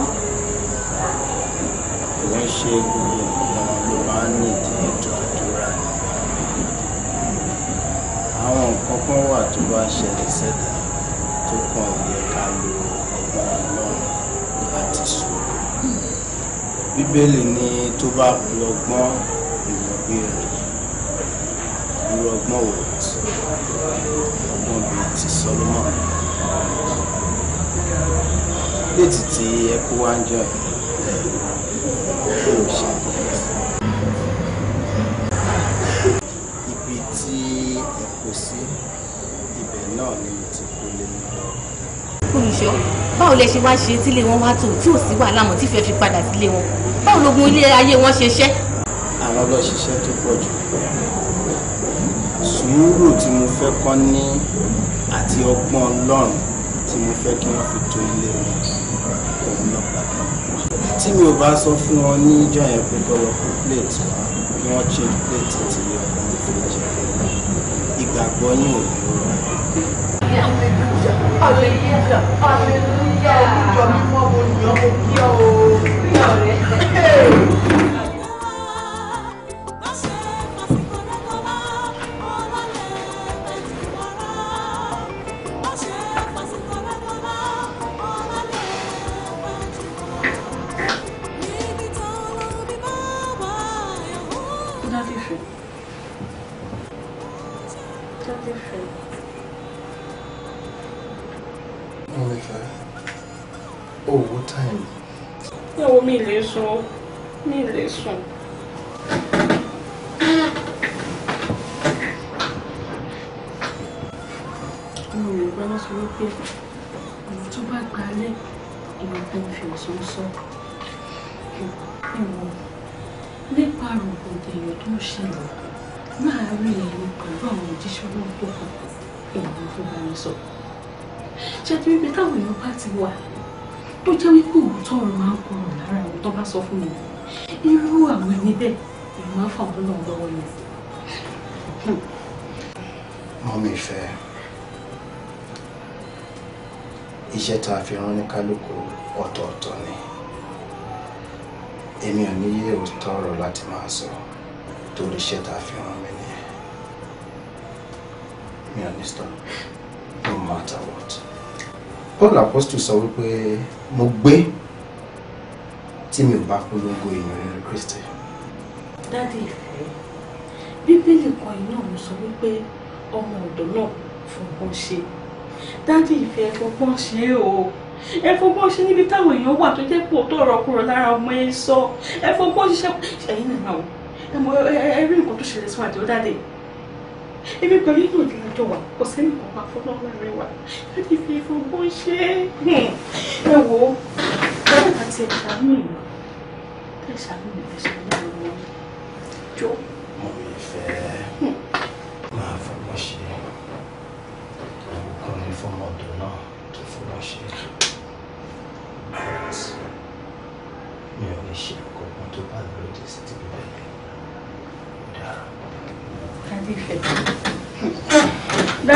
ìwọ ń ṣe gbogbo kan wà tó bá ṣẹlẹ̀ sẹ́dá tó kàn yẹ ká lo ọgbọ́n ọlọ́run láti sọ̀rọ̀ bíbélì ni tó bá ku ọgbọ́n ìrọ̀gbé rẹ̀ irú ọgbọ́n wò tí ọgbọ́n bíi ti Solomon létí tí ẹ wá ń jọ báwo lẹ ṣe wá ṣe tílé wọn wá tó tí ò sí wàhálà mọ́ tí fẹ́ fi padà sílé wọn báwo lógun ilé ayé wọn ṣe ṣẹ́. àwọn ọlọ́ṣiṣẹ́ tó pọ̀ jù sùúrù tí mo fẹ́ kọ́ ní àti ọgbọ́n ọlọ́run tí mo fẹ́ kí wọ́n fi tó ilé wọn òun lọ tí mi ò bá sọ fún wọn ní ìjọ yẹn pé kọ́ kó plate wá kí wọ́n change plate ti ilé ọkùnrin fún ìjẹ́ ìgbàgbọ́ yín ò ní Hallelujah, hallelujah. Olùjọ́ mi fọ́ olùyọ́ mo kí ọ o. Bí ọ̀rẹ́. ìyàwó mi lè sùn mi lè sùn. mo rò pé wọ́n sọ wípé ọ̀rọ̀ tó bá gba alẹ́ ìwà tó ń fi ọ̀sán sọ ẹ̀wọ̀n nípa rògbòdìyàn tó ń ṣẹlẹ̀ láàárín ẹ̀yin pẹ̀lú àwọn òjíṣẹ́ náà tó kù èèyàn tó bá mi sọ ṣé tí bíbi táwọn èèyàn bá ti wà tó jẹ́ wípé òótọ́ ọ̀rọ̀ máa ń korò lára àwọn tó bá sọ fún mi irú àwọn ẹni bẹ́ẹ̀ èmi máa fà wọ́n lọ́wọ́ lọ́wọ́ yẹn. mọ́mí ìfẹ́ iṣẹ́ tá a fi rán ní kálukú ọ̀tọ̀ọ̀tọ̀ ni èmi ò ní yé òótọ́ ọ̀rọ̀ láti máa sọ torí iṣẹ́ tá a fi rán mi nìyẹn mi ò ní stop no matter what. Paul apostle sọ wípé mo gbé tí mi ò bá polongo ìyìn rere Kristi. dádì ìfẹ́ bíbélì kan iná mo sọ wípé ọmọ ọ̀dọ́ náà fọgbọ́n ṣe dádì ìfẹ́ fọgbọ́n ṣe o ẹ fọgbọ́n ṣe níbi táwọn èèyàn wà tó jẹ́ pò tó ọ̀rọ̀ kúrò lára ọmọ ẹ sọ ẹ fọgbọ́n ṣiṣẹ́ ẹ̀yin náà máa wò ẹ rí nǹkan tó ṣẹlẹ̀ síwájú ó dáadé pẹ̀lú ìgbòdì jọ wà kò sẹ́ni kan bá fọ́ náà láàrin wa láti fi ìfọ̀gbọ́n ṣe é. Hmm. ẹ wo báyọ̀ àti ẹ̀ṣà mi ẹ̀ṣà mi ẹ̀ṣà mi ló wọ jọ. mo rí fẹ́ hmm. máa fọwọ́ ṣe ìwòkan ní fọmọdún náà tó fọwọ́ ṣe mi ò lè ṣe àkọ́kọ́ tó bá lòdì sí ti bíbélì dára. adé fẹ́.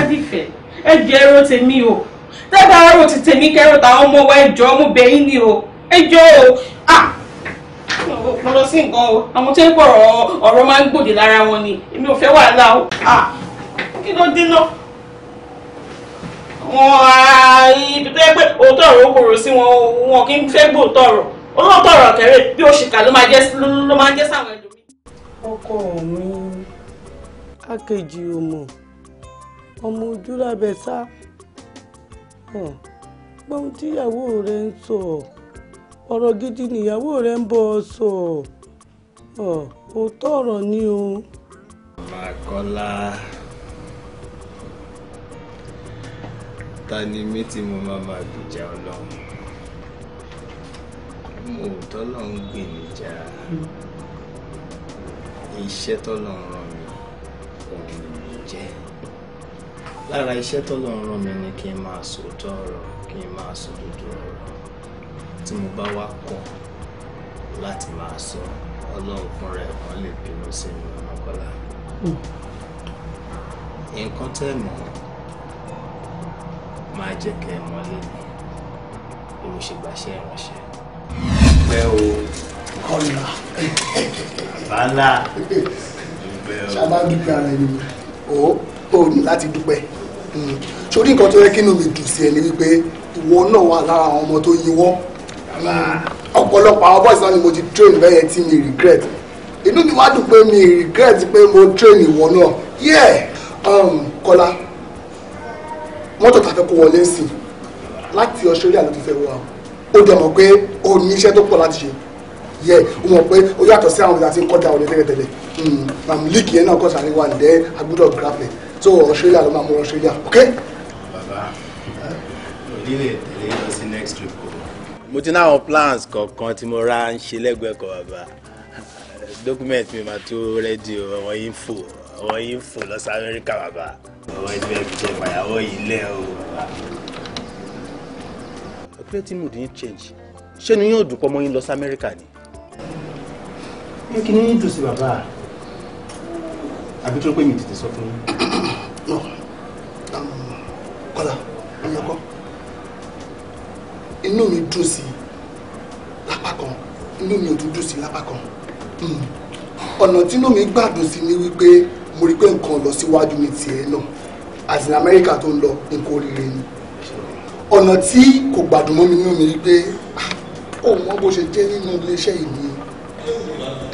Ládìfẹ́ ẹ jẹ́ ẹrọ tèmi o dábàá ẹrọ ti tèmi kẹrọ táwọn ọmọ wa ẹjọ́ ọmọ bẹ̀yìn ni o ẹjọ́ o ah mo lọ sí nǹkan o àwọn tó ń pọ̀ ọ̀rọ̀ máa ń gbòdì lára wọn ni èmi ò fẹ́ wàhálà o ah kí ló dín náà wọn ibi tó yẹ pé òótọ́ ọ̀rọ̀ ó kòrò sí wọn wọn kì í fẹ́ gbòótọ́ ọ̀rọ̀ olóòótọ́ ọ̀rọ̀ kẹrẹ́ bí òṣìkà ló máa jẹ́ ló máa jẹ́ sáwọn ẹlòmíì. ọkọ mi akéjì ọmọ ọmọ ojú lábẹ́sá gbọ́n tíyàwó rẹ ń sọ ọ̀rọ̀ gidi nìyàwó rẹ ń bọ́ sọ òótọ́ ọ̀rọ̀ ni o. màkọ́lá ta ni mí tí mo máa máa gbèjà ọlọ́run mo ò tọ́lọ́run gbè níjà iṣẹ́ tọ́lọ́run rán mi òun ni mo jẹ́ lára iṣẹ́ tọ́lọ́run rán mi ni kí n máa sòótọ́ ọ̀rọ̀ kí n máa sọ òdodo ọ̀rọ̀ tí mo bá wá kọ̀ láti máa sọ ọlọ́run fún rẹ̀ kan lè bínú sí mi ọmọkọ́lá. nǹkan tẹ́ máa jẹ́ kẹ́ ẹ mọ́ lẹ́nu bí mo ṣe gbàṣẹ́ ìránṣẹ́. pẹ́ o kọ́lá bàálà ìgbẹ́ o. ṣáà bá dúpẹ́ o o ní láti dúpẹ́ hmm. sórí nǹkan tó yẹ kínú mi dùn sí ẹ ni wípé ìwọ náà wà lára àwọn ọmọ tó yíwọ́ hmm. ọ̀pọ̀lọpọ̀ àwọn bọ́ọ̀sì náà ni mo ti train bẹ́yẹn tí mi regret inú mi wá dùn pé mi regret pé mo train ìwọ náà yeah hmm, Kọ́lá mọ́tò tàfẹ́ kó wọlé sí láti Australia ló ti fẹ́ wá ó dẹ̀ mọ̀ pé ó ní iṣẹ́ tó pọ̀ láti ṣe yẹ o mọ̀ pé ó yàtọ̀ sí àwọn ìdásí kọjá òde tẹ́lẹ̀tẹ́lẹ̀ mamlíkì yẹn náà kọ́ sàríwá ǹdẹ́ agbúdọ̀ grapple so Australia ló máa mú Australia ok. bàbá òdìlẹ̀ tẹ̀lé lọ next trip o. mo ti plans kọ̀ọ̀kan tí mo ra ń ṣe lẹ́gbẹ̀ẹ́ kan bàbá mi máa tó rẹ́dí o àwọn info àwọn info lọ sí Amẹ́ríkà bàbá. ọwọ́ ẹni bẹ́ẹ̀ fi ṣe ìpàyàwó yìí lẹ́ o bàbá. ọpẹ́ tí mo dín change ṣé ni yóò dùn pọ̀ mọ́ yín lọ sí Amẹ́ríkà ni. ẹ kí ni yín dùn sí bàbá àbí tó pé mi tètè sọ fún yín no kọ́lá ọlọ́kọ́ inú mi dùn sí lápá kan inú mi ò tún dùn sí lápá kan hmm. ọ̀nà tí inú mi gbàdùn sí ni wípé mo rí pé nǹkan lọ síwájú mi tiẹ̀ náà àti amẹ́ríkà tó ń lọ nǹkan oríire ni ọ̀nà tí kò gbàdùn mọ́ mi nínú mi rí pé ó mọ bó ṣe jẹ́ nínú iléeṣẹ́ yìí ni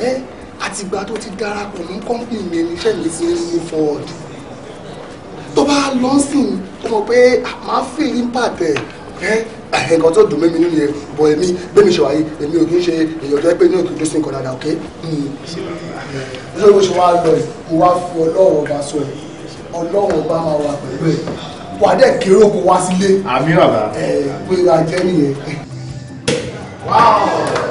ẹ àtìgbà tó ti darapọ̀ mú kọ́ńpì mi níṣẹ́ mi ti ń mú fọ́ọ̀dù tó bá lọ sìn ó mọ̀ pé ah, màá fi impact ẹ̀ ẹ̀ nǹkan tó dùn mí nínú yẹn bọ̀ èmi bẹ́ẹ̀ ṣe wáyé èmi ò kí ń ṣe èèyàn tó yẹ pé ní òkè tó sì ń dáadáa ok. lórí hmm. bó ṣe wá lọ yìí mo wá fi ọlọ́run ọba sọ ẹ̀ ọlọ́run ọba máa wà pẹ̀lú ẹ̀ wà á dẹ̀ kéré òkú wá sílé. àmì bàbá. ẹ bóyá jẹ́ nìyẹn. wáá.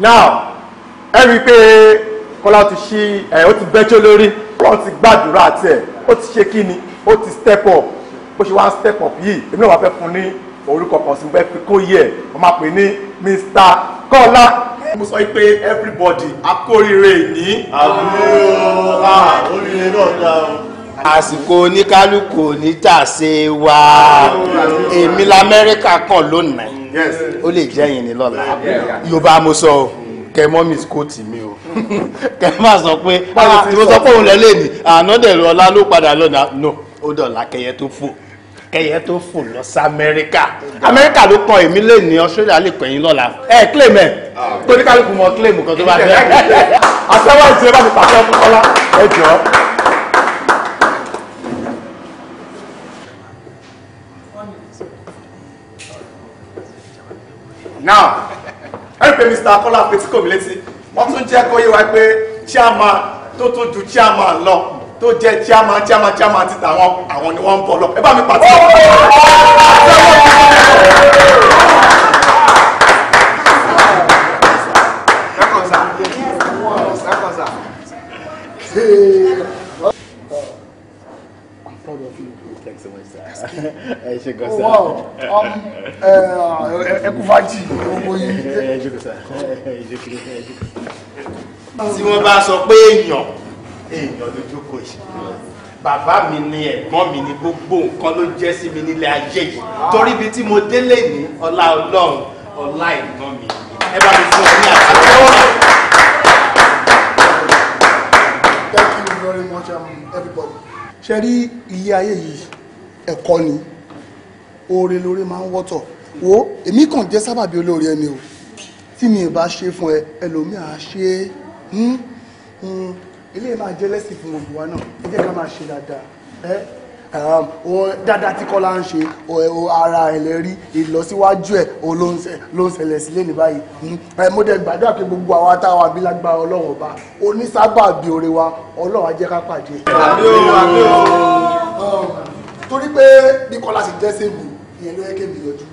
now ẹ rí i pé kọ́lá ti ṣí ẹ̀ ó ti bẹ́jọ́ lórí kọ́lá ti gbàdúrà àti ẹ̀ ó ti ṣe kí ni ó ti step up bó ṣe wá step up yìí èmi náà wàá fẹ́ fún ní orúkọ kan sí bẹ́ẹ̀ fi kó yẹ ọ máa pè ní Mr. Kọ́lá. mo sọ pé everybody akóríire ní. àbúrò àóríire ah, náà dá o àsìkò oníkálukú ní tàṣe wa èmi lamẹ́ríkà kàn lónìí. Yes. ó lè jẹ́ yìnyín lọ́la yorùbá mo sọ o kẹ mọ́mí kò tì mí o kẹ má sọ pé ah, tí mo sọ pé òun lẹ́lẹ́ ni àná dẹ̀rù ọlá ló padà lọ́nà no ó dọ̀la kẹyẹ tó fò kẹyẹ tó fò lọ sí amẹ́ríkà amẹ́ríkà ló kọ èmi lè ní australia lè pẹ̀yìn lọ́la ẹ claim ẹ ah. torí kálukú mọ claim kan tó bá fẹ́. àṣẹ wá ìṣe bá mi pàṣẹ fún kọ́lá ẹ jọ now ẹ pé Mr. Akola Petikọmi létí wọ́n tún jẹ́ kó yé wa pé chairman tó tún ju chairman lọ tó jẹ́ chairman chairman chairman ti tàwọn àwọn ni wọ́n ń bọ̀ lọ ẹ bá mi pàtó. Yeah proud of you. Thanks so much, sir. Ẹ ṣe gan sir. Wow, ẹ kú fàájì, owó yìí. Ẹ ṣe gan sir. Ẹ ṣe kiri, ẹ ṣe kiri. Tí wọ́n bá sọ pé èèyàn, èèyàn ló jókòó yìí. Bàbá mi ni ẹ̀gbọ́n mi ni gbogbo nǹkan ló jẹ́ sí mi nílé ayé yìí. Torí ibi tí mo délé ní ọlá Ọlọ́run, ọlá ẹ̀gbọ́n mi. Ẹ bá mi fún ọ ní àtúntò. Thank you very much, um, everybody ṣe rí ilé ayé yìí ẹ̀kọ́ ni oore lóore máa ń wọ́tọ̀ wo èmi kàn jẹ́ sábàbí olóore ẹni o tí mi ì bá ṣe fún ẹ ẹlòmíà ṣe é ilé hmm? hmm. máa jẹ́ lẹ́sìn fún gbogbo wa náà ẹ jẹ́ ká máa ṣe dáadáa ẹ Um, dáadáa tí Kọ́lá ń ṣe ara ẹ̀ ìlọsíwájú ẹ̀ ló ń ṣẹlẹ̀ sílé ní báyìí hmm. mo dẹ̀ gbàdúrà pé gbogbo àwa táwa bí lágbára ọba onísábàbí oore wa ọlọ́run á ká pàdé. Um, torí pé bí Kọ́lá ṣe jẹ́ sèbù ìyẹn ló yẹ kébi yọjú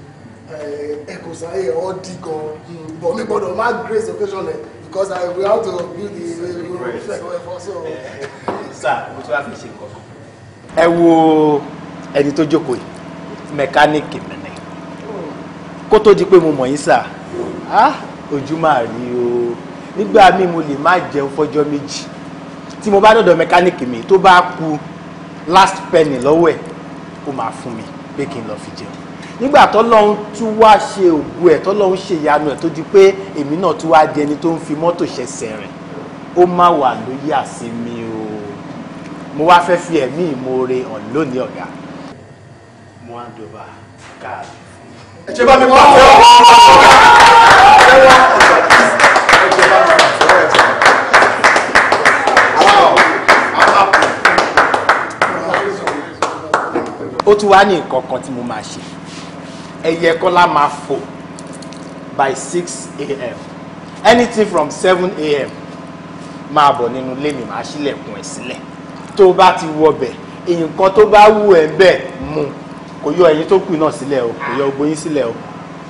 ẹ̀kọ́sá ẹ̀ ọ́ dì gan hmm. bọ̀ mi gbọ́dọ̀ má grace occasion ẹ̀ because I will have to build the room for so. Sir, mo tún wá fi ṣe nǹkan kan ẹ wo ẹni tó jókòó yìí mẹkáníìkì nìyẹn kó tó di pé mo mọ̀ yín sà á ojú máa rí o nígbà míì mo lè má jẹun fọjọ́ méjì tí mo bá dọ̀dọ̀ mẹkáníìkì mi tó bá ku last penny lọ́wọ́ ẹ̀ ó máa fún mi pé kí n lọ fi jẹun nígbà tọ́lọ́hún tún wá ṣe ògùn ẹ̀ tọ́lọ́hún ṣe ìyanu ẹ̀ tó di pé èmi náà tún wá di ẹni tó ń fi mọ́tò ṣẹ̀ṣẹ̀ rìn ó má wà lóyè àsinmi mo wá fẹ́ fi ẹ̀mí ìmoore hàn lónìí ọ̀gá. mo á dọba káàdì fún mi. ẹ jẹ́ bá mi pa ọ́ ọ̀gá. ó tún wá ní nǹkan kan tí mo máa ṣe ẹyẹ kọ́lá máa fò by six a.m. anything from seven a.m. máa bọ̀ nínú ilé mi máa ṣílẹ̀kùn ẹ̀ sílẹ̀ tó bá ti wọbẹ̀ nǹkan tó bá wù ẹ́ bẹ́ẹ̀ mu kò yọ ẹ̀yin tó kù náà sílẹ̀ o kò yọ gbóyin sílẹ̀ o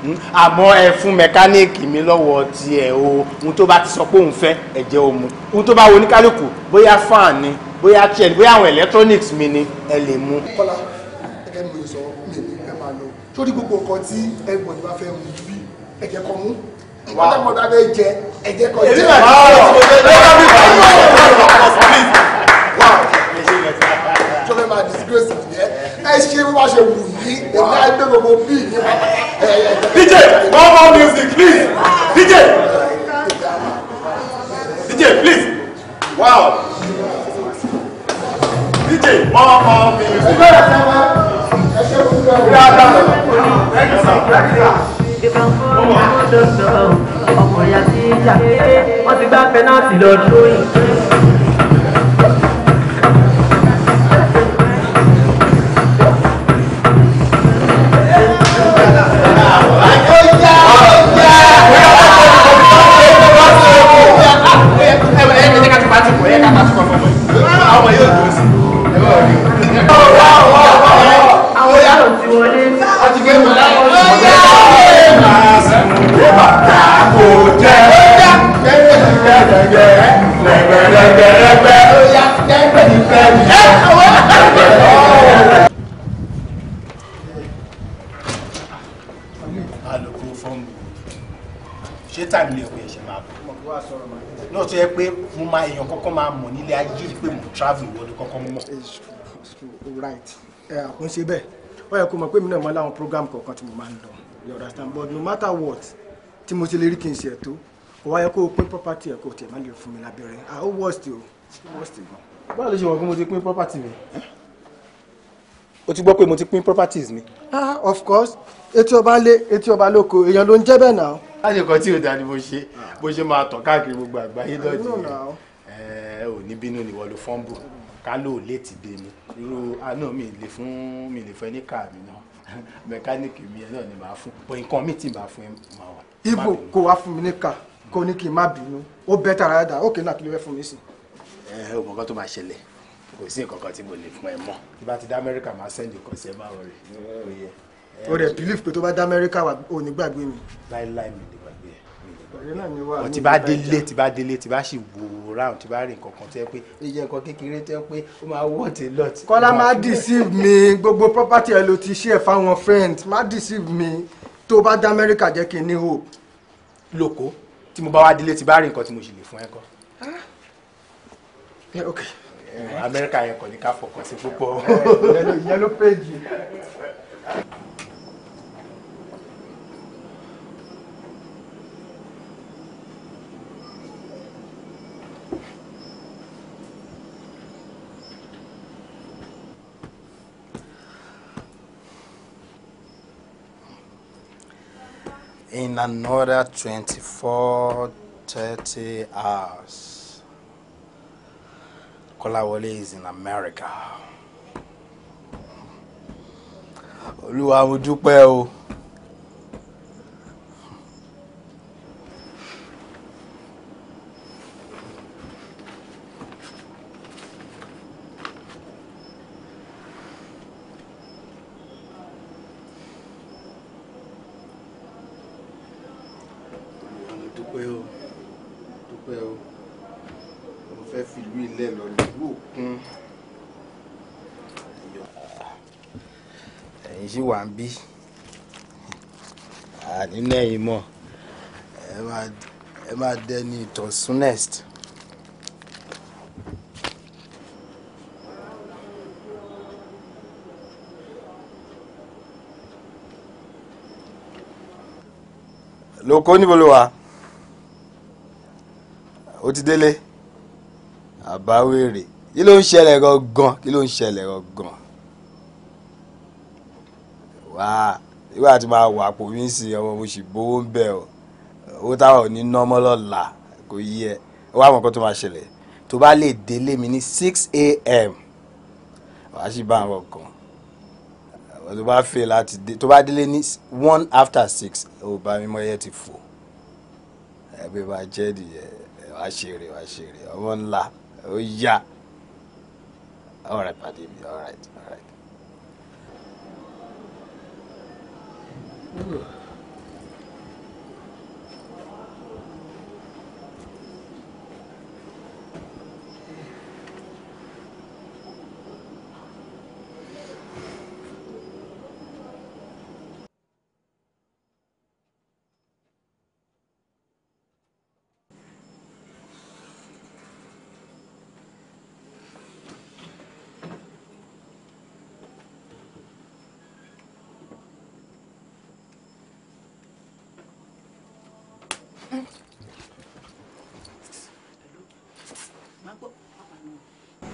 hmm? àmọ́ ẹ fún mẹkáníìkì mi lọ́wọ́ tiẹ̀ o ohun tó bá ti sọ pé òun fẹ́ ẹ̀jẹ̀ o mu ohun tó bá wo oníkálukú bóyá fan ni bóyá chair bóyá àwọn electronics mi ni ẹ lè mu. kọ́lá ẹ̀kẹ́ mi ò sọ mi ní ẹ máa lọ sórí gbogbo nǹkan tí ẹ̀gbọ́n ìbá fẹ́ mu bí ẹ̀jẹ̀ kan mú ìpàdé mọ́tà bẹ́ẹ̀ jẹ ẹ̀jẹ̀ kan jẹ. Lord, ṣe bẹ́ẹ̀ ó yẹ kó mọ̀ pé mi náà mọ láwọn program kọ̀ọ̀kan tí mo máa ń lọ you understand but no matter what tí mo ti lè rí kí n ṣe ẹ̀ tó ó wáyé kó o pín property ẹ̀ kó o tẹ̀ má lè fún mi lábẹ́rẹ́ ah ó worst o worst gan. báwo ló ṣe wọ̀ pé mo ti pín property mi. o ti gbọ́ pé mo ti pín properties mi. ah of course etí ọba lé etí ọba lóko èèyàn ló ń jẹ́ bẹ́ẹ̀ náà. láti ẹ̀kọ́ tí o dá ni mo ṣe bó ṣe máa tàn káàkiri gbogbo àgbáyé dọ̀tí ah, ẹ̀ ò ní bínú ni wọ́n lo fọ́ńbù kálò létí dé mi irú àánú mi lè fún mi lè fún ẹ ní káà mi náà mẹkáníìkì mi ẹ náà ni màá fún bọ nǹkan mi ti màá fún ẹ máa wà. ibo kò wá fún mi ní ká kó ní kí n má bínú ó bẹ tara ẹ dà ó kì í náà kí ló fẹ́ fún mi sí. ẹ ẹ òmùgọ́ tó máa ṣẹlẹ̀ kò sí nǹkan kan tí mo lè fún ẹ mọ́. tí bá ti dá amẹ́ríkà máa sẹ́ndì kan sí ẹ máa wọlé. o rẹ̀ bílíf pé tó bá dá amẹ́ríkà wà ò ní gbàgbé mi. láéláé mi ọ̀ tí bá délé tí bá délé tí bá sì wò round tí bá rí nǹkan kan pé ó jẹ́ nǹkan kékeré tẹ́ pé ó máa worth a lot. kọ́lá má deceive mi gbogbo property ẹ ló ti share fáwọn friends má deceive mi tó bá dá amẹ́ríkà jẹ́ kí n ní hope. lóko tí mo bá wá délé tí bá rí nǹkan tí mo sì lè fún ẹ kọ́. Ah, eh, amẹ́ríkà yẹn kọ́ ni ká fọkàn sí púpọ̀. yẹlò péjì. in another 24, 30 hours, Kolawole is in America. Olúwa mo dúpẹ́ o. àbí nínú ẹ̀yìn mọ̀ ẹ máa dẹni ìtàn soonest. lóko níbo ló wà ó ti délé àbáwèrè kí ló ń ṣẹlẹ̀ gangan kí ló ń ṣẹlẹ̀ gangan wá ìgbà tí máa wà pò mí sí ọmọ mo sì gbowó ń bẹ̀ ọ́ owó táwọn ò ní ná mọ́ lọ́la kò yí ẹ ó wà mọ́ kó tó máa ṣẹlẹ̀ tó bá lè délé mi ní six a.m. wàá sì bá àwọn kan tó bá fẹ́ láti dé tó bá délé ní one after six ó bá mi mọ́ ẹyẹ ti fò ẹbí bá jẹ́ nìyẹn wàá ṣeré wàá ṣeré ọmọ ńlá ó yá all right pàdé mi all right all right. Uhum.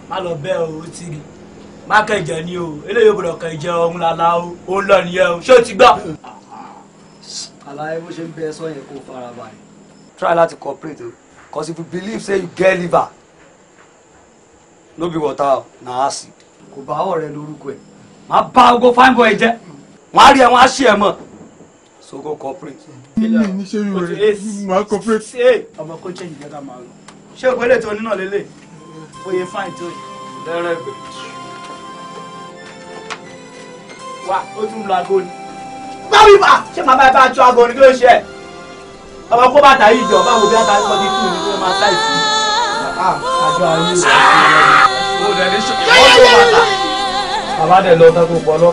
má lọ bẹ́ o ó ti má kẹjẹ ni o eléyìí gbọ́dọ̀ kẹjẹ ọ̀hún lala o ó lọ nìyẹn o ṣé o ti gbà. àlàyé bó ṣe ń bẹ sọ yẹn kó fara balẹ̀. try láti cooperate o cause if you believe say you get liver no be water na acid. kò bá ọ̀rẹ́ lórúkọ ẹ̀. má bá gbogbo fine boy jẹ́ wọ́n á rí ẹ wọ́n á ṣí ẹ mọ́ so go cooperate. kílẹ̀ ní ṣé yóò rẹ̀ máa cooperate. ṣé ọmọ kò change gẹ́gà máa lọ. ṣé o gbẹ́lẹ̀ tó ní náà lélẹ̀ oye fine tó yìí. lẹ́rẹ̀ pé wà ó tún lu aago ni. báwo bá ṣé màá bá bá aṣọ aago ni kí ṣe ẹ̀ ọmọ kó bàtà yìí jọ báwo bí ata ìkọ́ni kù ní kí máa ṣáì sí. Ah, àjọ ayé rẹ̀. Ah. bàbá dẹ̀ lọ tako pọ̀ lọ.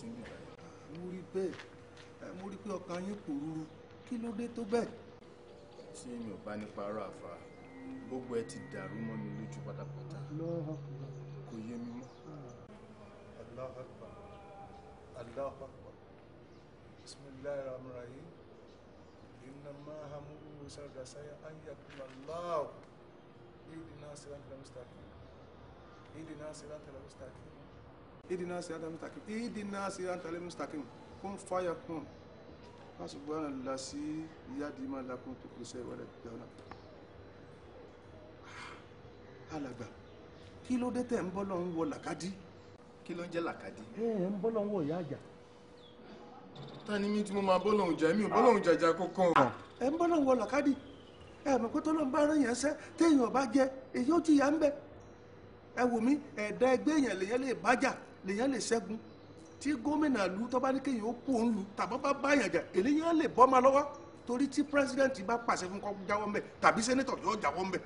sí mi mo rí bẹ́ẹ̀ mo rí pé ọkàn yín kò rúru kí ló dé tó bẹ́ẹ̀. tí mi ò bá ní parọ́ àfa gbogbo ẹ ti dàrú mọ́ mi lójú pátápátá kò yé mi mọ́. Ah. Allahu Akbar Allahu Akbar bisimilayi rahmanirahim innama hamuhu sargasaya an idina sirata mustaqim idina sirata mustaqim kun faya kun asubahana lasi yadi ma lakun tó kó sẹ́yìn wẹrẹ jọna alàgbà ah, kí ló dé tẹ̀ ń bọ́ lọ́n wọ làkàdí. kí ló ń jẹ́ làkàdí. ẹ ẹ ń bọ́ lọ́n wọ ìyá àjà. mi tí mo máa bọ́ lọ́hùn jà mí ò bọ́ lọ́hùn jàjà kankan. Ah, ẹ ń bọ́ lọ́n wọ làkàdí ẹ mọ̀ pé tọ́lọ́n bá rán yẹn sẹ́ téèyàn bá jẹ èyí ó ti yà ń bẹ ẹ wò mí ẹ̀ẹ́dá ẹgbẹ́ yẹn lèyẹn lè bá jà lèyàn lè ṣẹ́gun tí gómìnà lu tó bá ní kéèyàn ó kú òun lu tàbí bá báyàn jà èléyàn lè bọ́ ma lọ́wọ́ torí tí president bá pàṣẹ fún kó jáwọ́ ńbẹ̀ tàbí senator yóò jáwọ́ ńbẹ̀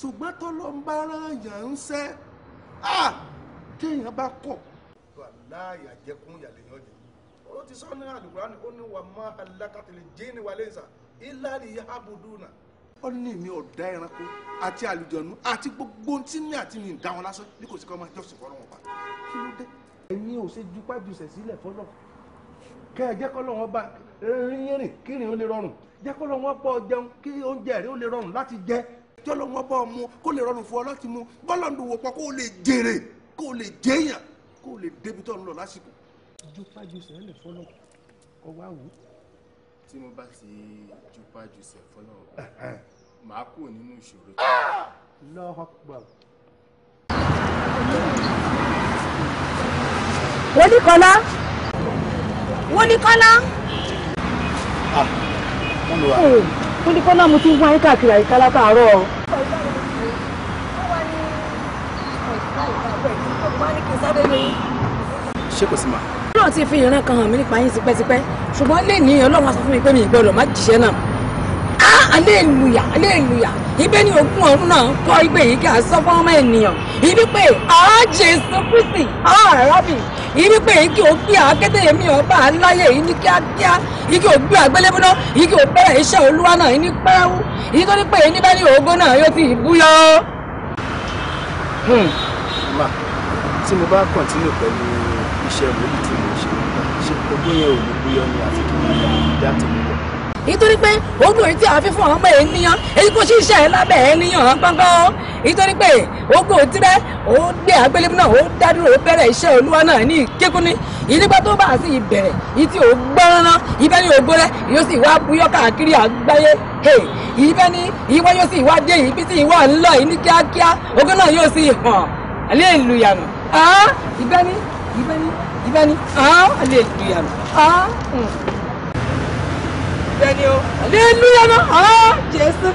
ṣùgbọ́n tọ́lọ́ ń bá ráyàn ń sẹ́ à kéèyàn bá kọ̀. aláyà jẹkun yàlẹ yàn jẹ o ti sọ ní àlùkò ránì ó ní wàá má alákàtúntì jíìnì wàlẹ́sà yà á bùdùnà ó ní mi ọ̀dá ẹranko àti àlùjọ̀nù àti gbogbo tí mi àti mi ń dá wọn lásán bí kò sí kọ́ máa jọ́sìn fọ́nà wọn bá kí ló dé. ẹ̀yin ò ṣe jupá jùṣẹ̀ sílẹ̀ fọ́nà kẹ́ ẹ jẹ́ kọ́ lọ́wọ́ bá rìnrìn kírìn ó lè rọrùn jẹ́ kọ́ lọ́wọ́ bọ́ jẹun kí oúnjẹ rẹ̀ ó lè rọrùn láti jẹ jọ́ lọ́wọ́ bọ́ mu kó lè rọrùn fún ọ láti mu bọ́lọ̀ ń wò pọ̀ kó lè jèrè kó lè jẹ́yàn kó lè débi tó ń lọ lásìkò. jupá jùṣẹ̀ lẹ̀ fọ́nà kọ́ wá tí mo bá ti jupá jùṣẹ̀ fọ́nà màá kú nínú ìṣòro. lọ́ọ̀pọ̀. wọ́n ní kọ́lá wọ́n ní kọ́lá. wọ́n ní kọ́lá mo ti ń wá yín káàkiri àyíká látàárọ̀. ṣé kò sí ma. ọlọ́run ti fi ìran kan hàn mí nípa yín tipẹ́tipẹ́ ṣùgbọ́n lẹ́yìn ọlọ́run á sọ fún mi pé mi ìgbọ́dọ̀ má jìṣẹ́ náà aleluya aleluya ibẹ̀ ni ogun ọ̀run náà kọ́ ibẹ̀ yìí kí a sọ fún ọmọ ènìyàn ibi pé àá jésù kristi àá rábì ibi pé yìí kí o gbé àkété mi ọba aláyè yìí ní kíákíá yìí kí o gbé àgbélébúná yìí kí o bẹ̀rẹ̀ iṣẹ́ olúwa náà yìí ní pẹ́rú yìí tó ní pé níbẹ̀ ni ògo náà yóò ti búyọ́. Hmm. ma tí mo bá kọ̀ntínú pẹ̀lú iṣẹ́ wòlíì tí mo ṣe ṣe gbogbo yẹn ò ní búyọ́ ni àti kí n máa dá tèmi nítorí pé ogún òyìn tí a fi fún ọmọ ẹ níyàn èyí kò sí iṣẹ́ ẹ lábẹ́ ẹ níyàn gbọ́ngàn nítorí pé ogún òtírẹ́ ó gbé àgbélébú náà ó dádúró ó bẹ̀rẹ̀ iṣẹ́ olúwa náà ní kíkúní ìdígbà tó bá sí ìbẹ̀rẹ̀ ìtì ò gbọ́nrán ibẹ̀ ni ògbó rẹ yóò sì wá búyọ́ káàkiri àgbáyé ibẹ̀ ni ìwọ yóò sì wá dé ibi tí ìwọ ń yìí ní kíákíá ogún náà yóò sì hàn àlélùyàmù ibẹ̀ ah, ni ibẹ̀ ni ibẹ̀ ni àlélùyàmù. Ah, Daniel, ni o hallelujah náà jésù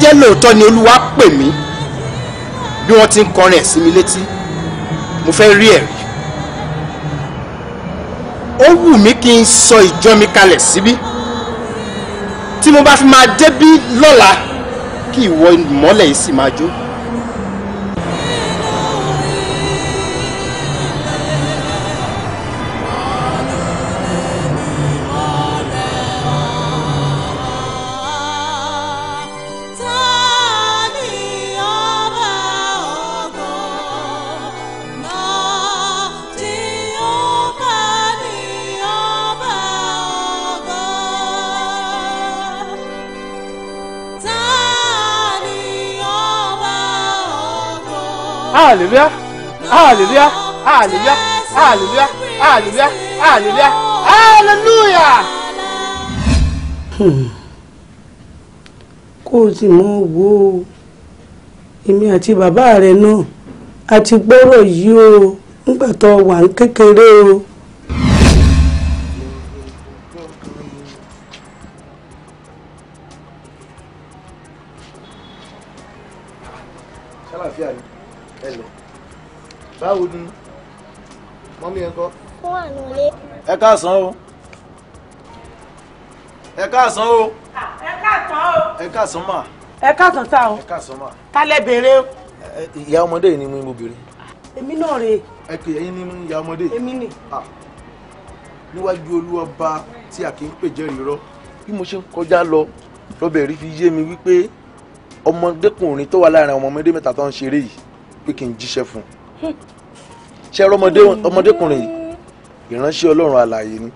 jẹ́ lóòótọ́ ni olúwa pè mí bí wọ́n ti ń kọrin ẹ̀ sí mi létí mo fẹ́ rí ẹ̀rí ó wù mí kí n sọ ìjọ mi kalẹ̀ síbí tí mo bá fi máa débí lọ́la kí ìwọ ìmọ́lẹ̀ yìí sì máa jó. hallelujah hallelujah hallelujah hallelujah hallelujah hallelujah hallelujah. Hmm. kó o ti mọ èmi àti bàbá rẹ náà a ti gbọ́rọ̀ yìí o nígbà tó wà ń káàsán o ẹ káàsán o ẹ káàsán o ẹ káàsán mà. ẹ káàsán sá o ẹ káàsán mà. kálẹ̀ béèrè o. ìyá ọmọdé yìí ni mo ń bo béèrè. èmi náà rè é. ẹ pè ẹyin ní ìyá ọmọdé. èmi ni. níwájú olúwa ọba tí a kì í pè jẹ́rìí rọ bí mo ṣe ń kọjá lọ lọ́bẹ̀ rí fi yé mi wípé ọmọdékùnrin tó wà láàrin àwọn ọmọdé mẹ́ta tó ń ṣeré yìí pé kí n jíṣẹ́ fún un ṣe ọmọdékùnrin yìí ìránṣẹ́ ọlọ́run alààyè ni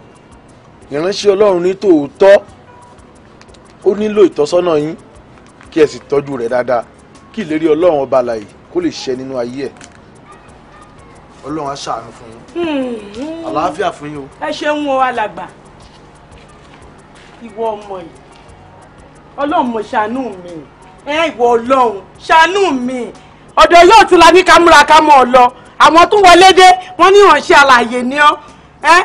ìránṣẹ́ ọlọ́run ní tòótọ́ ó nílò ìtọ́sọ́nà yín kí ẹ sì tọ́jú rẹ̀ dáadáa kí ìlérí ọlọ́run ọba alààyè kó lè ṣẹ nínú ayé ẹ̀ ọlọ́run á ṣàánú fún yín hmm. àlàáfíà fún yín o. ẹ ṣeun o alàgbà ìwọ ọmọ yìí ọlọ́run mo ṣàánú mi ẹ ìwọ ọlọ́run ṣàánú mi ọ̀dọ̀ yóò tún la ní ká múra ọ lọ àwọn tó wọlé dé wọ́n ní ìránṣẹ́ alààyè ni ọ́ ẹ́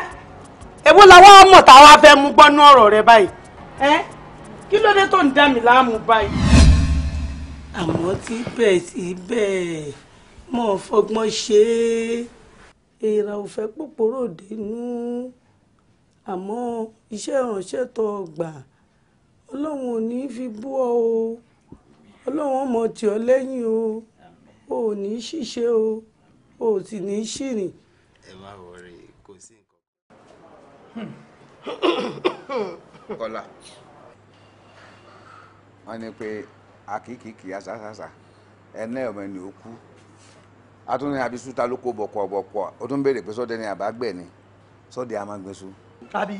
èwo làwọn ọmọ táwa fẹ́ mú gbọ́nú ọ̀rọ̀ rẹ báyìí ẹ́ kí ló dé tó ń dá mi láàmú báyìí. àmọ́ síbẹ̀ síbẹ̀ mo fọgbọ́n ṣe é èèrà ò fẹ́ pòpòrò dínú àmọ́ iṣẹ́ ìránṣẹ́ tó gbà ọlọ́run ò ní fi bú ọ o ọlọ́run ọmọ tì ọ lẹ́yìn o ò ní ṣìṣe o ò sì ní ṣìrìn. ẹ má wọ Hmm. Kọ́lá wọ́n ní pé akíkìkì àṣàṣàṣà ẹni ọmọ ẹni ó kú atúnni abisuta ló kó bọ̀kọ̀ bọ̀kọ̀ ó tún béèrè pé sọ́dẹ̀ ni àbágbẹ̀ ni sọ́dẹ̀ a máa gbé so. tàbí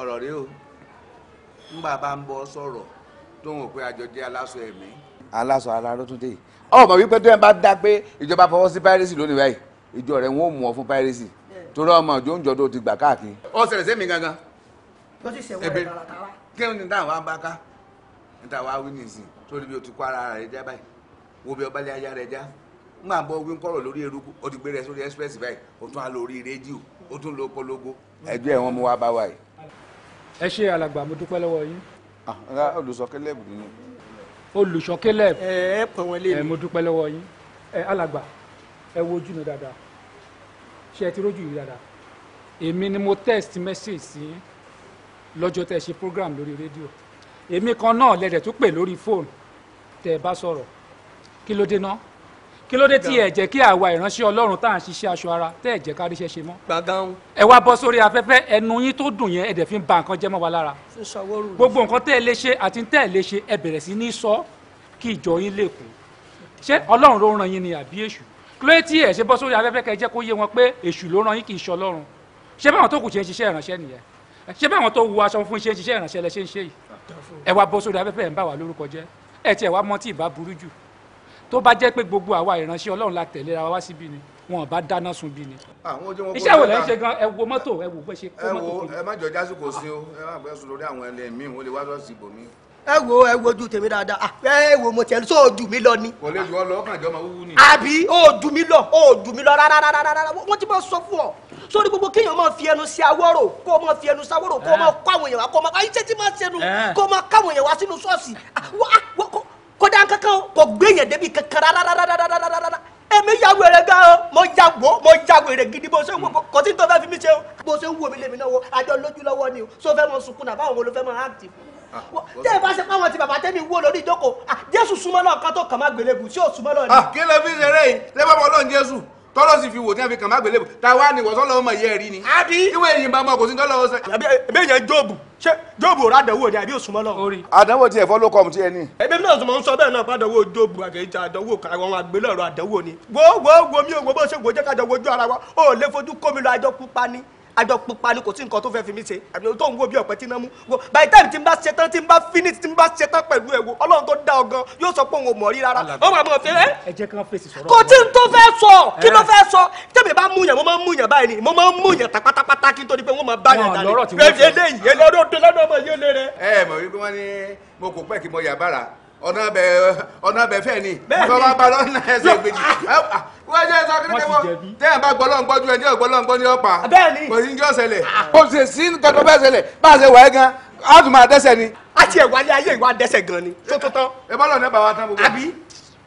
ọ̀rọ̀ rẹ o ń bàbá ń bọ̀ sọ̀rọ̀ tóun ò pé àjọ jẹ́ aláṣọ ẹ̀mí. aláṣọ ara ló tún dé ọmọ wípé tó yẹn bá dá pé ìjọba fọwọ́ sí piracy lónìí báyìí ìjọ rẹ̀ wọ́n ò mú ọ fún piracy torí ọmọ òjò ń jọ tó ti gbà káàkiri. ó ṣẹlẹ̀ sẹ́mi gangan. ló ti ṣèwọ́ ẹ̀ tààrà tààrà. kí ni táwọn bá ká wí nìsín torí bí o ti kó ara rẹ̀ já báyìí wo bí ọba lé aya rẹ̀ já ń gbà bọ́ wí ń kọ̀rọ̀ lórí eruku ó ti gbé rẹ̀ sórí express báyìí ó tún á lórí rédíò ó tún lo polongo ẹgbẹ́ wọn mú wá bá wa yìí. ẹ ṣe alàgbà mo dúpẹ́ lọ́wọ́ yín. Ah, olùsọkẹ́lẹ́bù nínú. ẹ ẹ pọ̀ mi. mo dúpẹ́ lọ́wọ́ yín. alàgbà ẹ dáadáa ṣe ẹ ti rójú yìí dáadáa èmi ni mo text message sí lọ́jọ́ tẹ́ ṣe program lórí rédíò èmi kan náà lẹ́dẹ̀ tún pè lórí fóònù tẹ́ ẹ bá sọ̀rọ̀ kí ló dé náà kí ló dé tí ẹ jẹ́ kí àwa ìránṣẹ́ Ọlọ́run tá à ń ṣiṣẹ́ aṣọ ara tẹ́ ẹ jẹ́ ká ríṣẹ́ ṣe mọ́. gbàgán. ẹ wá bọ́ sórí afẹ́fẹ́ ẹnu yín tó dùn yẹn ẹ dẹ̀ fi ń ba nǹkan jẹ́ mọ́ wa lára. gbogbo nǹkan tẹ́ ẹ lè ṣe àti tẹ́ ẹ lè ṣe ẹ bẹ̀rẹ̀ sí ní sọ kí ìjọ yín lè kú. ṣé Ọlọ́run ló ràn yín ni àbí èṣù? kílódétì ẹ̀ ṣe bọ́ sórí afẹ́fẹ́ kẹ́ jẹ́ kó yé wọn pé èṣù ló rán yín kì í ṣe ọlọ́run ṣé báwọn tó kù ṣe ń ṣiṣẹ́ ìránṣẹ́ nìyẹn ṣé báwọn tó wọ aṣọ fún ṣe ń ṣiṣẹ́ ìránṣẹ́ lẹ ṣe ń ṣe yìí ẹ wá bọ́ sórí afẹ́fẹ́ ẹ̀ ń bà wá lórúkọ jẹ́ ẹ tiẹ̀ wá mọ́ tí ì bá burú jù tó bá jẹ́ pé gbogbo àwa ìránṣẹ́ ọlọ́run la tẹ̀lé ra wá síbí ni wọn bá dáná sun bí ni. iṣẹ́ wo lẹ́ ń ṣe gan ẹ wo mọ́tò ẹ wo bẹ́ ṣe kó mọ́tò kiri. ẹ wo ẹ má jọ jásìkò sí o ẹ má bẹ́ lórí àwọn ẹlẹ́mìí wọn lè wá lọ́sibò mi ẹ wo ẹ wojú tèmi dáadáa ah, ẹ wo mo tẹ̀lé sọ ojú mi lọ ni. kò lè yọ ọ lọ ọkàn ìjọ máa wúwú ni. àbí ojú mi lọ ojú mi lọ rárárárá wọ́n ti máa sọ fún ọ sórí gbogbo kéèyàn máa fi ẹnu sí awọ́rò kó máa fi ẹnu sí awọ́rò kó máa kó àwọn èèyàn wá kó máa ayé tẹ́tí máa sẹnu eh. kó máa káwọn èèyàn wá sínú ṣọ́ọ̀ṣì ah, kódà kankan kò gbẹ̀yìn débi kankan rárárárárárárá èmi ya wèrè gan o mo ya wo mo ya wèrè gidi bó ṣe ń wo kò tí n tó fẹ́ fi mí ṣe o bó ṣe ń wo mi lèmi náà wo àjọ lójú lọ́wọ́ ni o so fẹ́ mọ sunkún náà báwo ló fẹ́ mọ áàtì fún. Ah, tẹ́ ẹ bá ṣe páwọn ti bàbá tẹ́mi wó lórí ìjókòó ah, jésù súnmọ́ náà ká tó kàn má gbélébù tí ò súnmọ́ náà ni. Ah, kí ló fi ṣeré yìí lẹ́bàbọ̀ ọlọ́run jésù tọ́lọ́ sì fi wò tí wọ́n fi kàn má gbélébù ta wá ní wọ́sọ́ lọ́wọ́ mọ̀ yẹ́ ẹ̀rí ni. àbí ìwé yìí bá mọ kò sí tọ́lọ́ ọ̀sẹ̀. àbí ẹ̀bẹ̀ yẹn jóòbù ṣé jóòbù ò rádàwó ni àbí òsùnmọ́ náà. orí àdánwò tiẹ̀ fọ́ ló kọ́ mu tiẹ̀ ni. ẹbí mi náà sọ mọ ń sọ bẹ́ẹ̀ náà fàdánwò jóòbù àgẹ̀jà àdánwò àwọn àgbélẹ̀rọ àdánwò ni. wo wo wo mi ò wo bó ṣe wo jẹ́ kájọ wojú ara wa ó lè fojú kó mi lọ àjọ pupa ni àjọ pupa ni kò sí nǹkan tó fẹ́ fi mí ṣe àbí tó ń wo bí ọ̀pẹ tí náà mú wo by the time tí n bá ṣe tán tí n bá finish tí n bá ṣe tán pẹ̀lú ẹ̀wò ọlọ́run tó dá ọgán yóò sọ pé òun ò mọ̀ rí rárá ó máa mọ̀ fi ẹ́. ẹ jẹ́ kán fèsì sọ̀rọ̀. kò tí n tó fẹ́ sọ kí ló fẹ́ sọ tẹ̀mí bá múyàn mo máa ń múyàn báyìí ni mo máa ń múyàn tapatapata kí n tó di pé wọ́n máa bá yàn dání. lọ́rọ̀ tí wọ́n fẹ́ ọ̀nà abẹ ọ̀nà abẹ fẹ́ ni nǹkan bá ba lọ́nà ẹsẹ̀ gbèjì ah. ah, wọ́n jẹ́ sọ kí ah, ni wọ́n tẹ́ ẹ̀ bá gbọ́lọ́ ńgbọ́jú ẹ̀ ní ọ̀gbọ́lọ́ ńgbọ́ ní ọ̀pá kò sí ní ọ̀sẹ̀lẹ̀ kò sì sí nǹkan tó fẹ́ ṣẹlẹ̀ bá a ṣe wà ẹ́ gan a tún máa dẹ́sẹ̀ ni. a ti ẹ̀ wálé ayé ìwà dẹ́sẹ̀ gan ni tó tó tán. ẹ bá lọ ní bàbá tán gbogbo. àbí.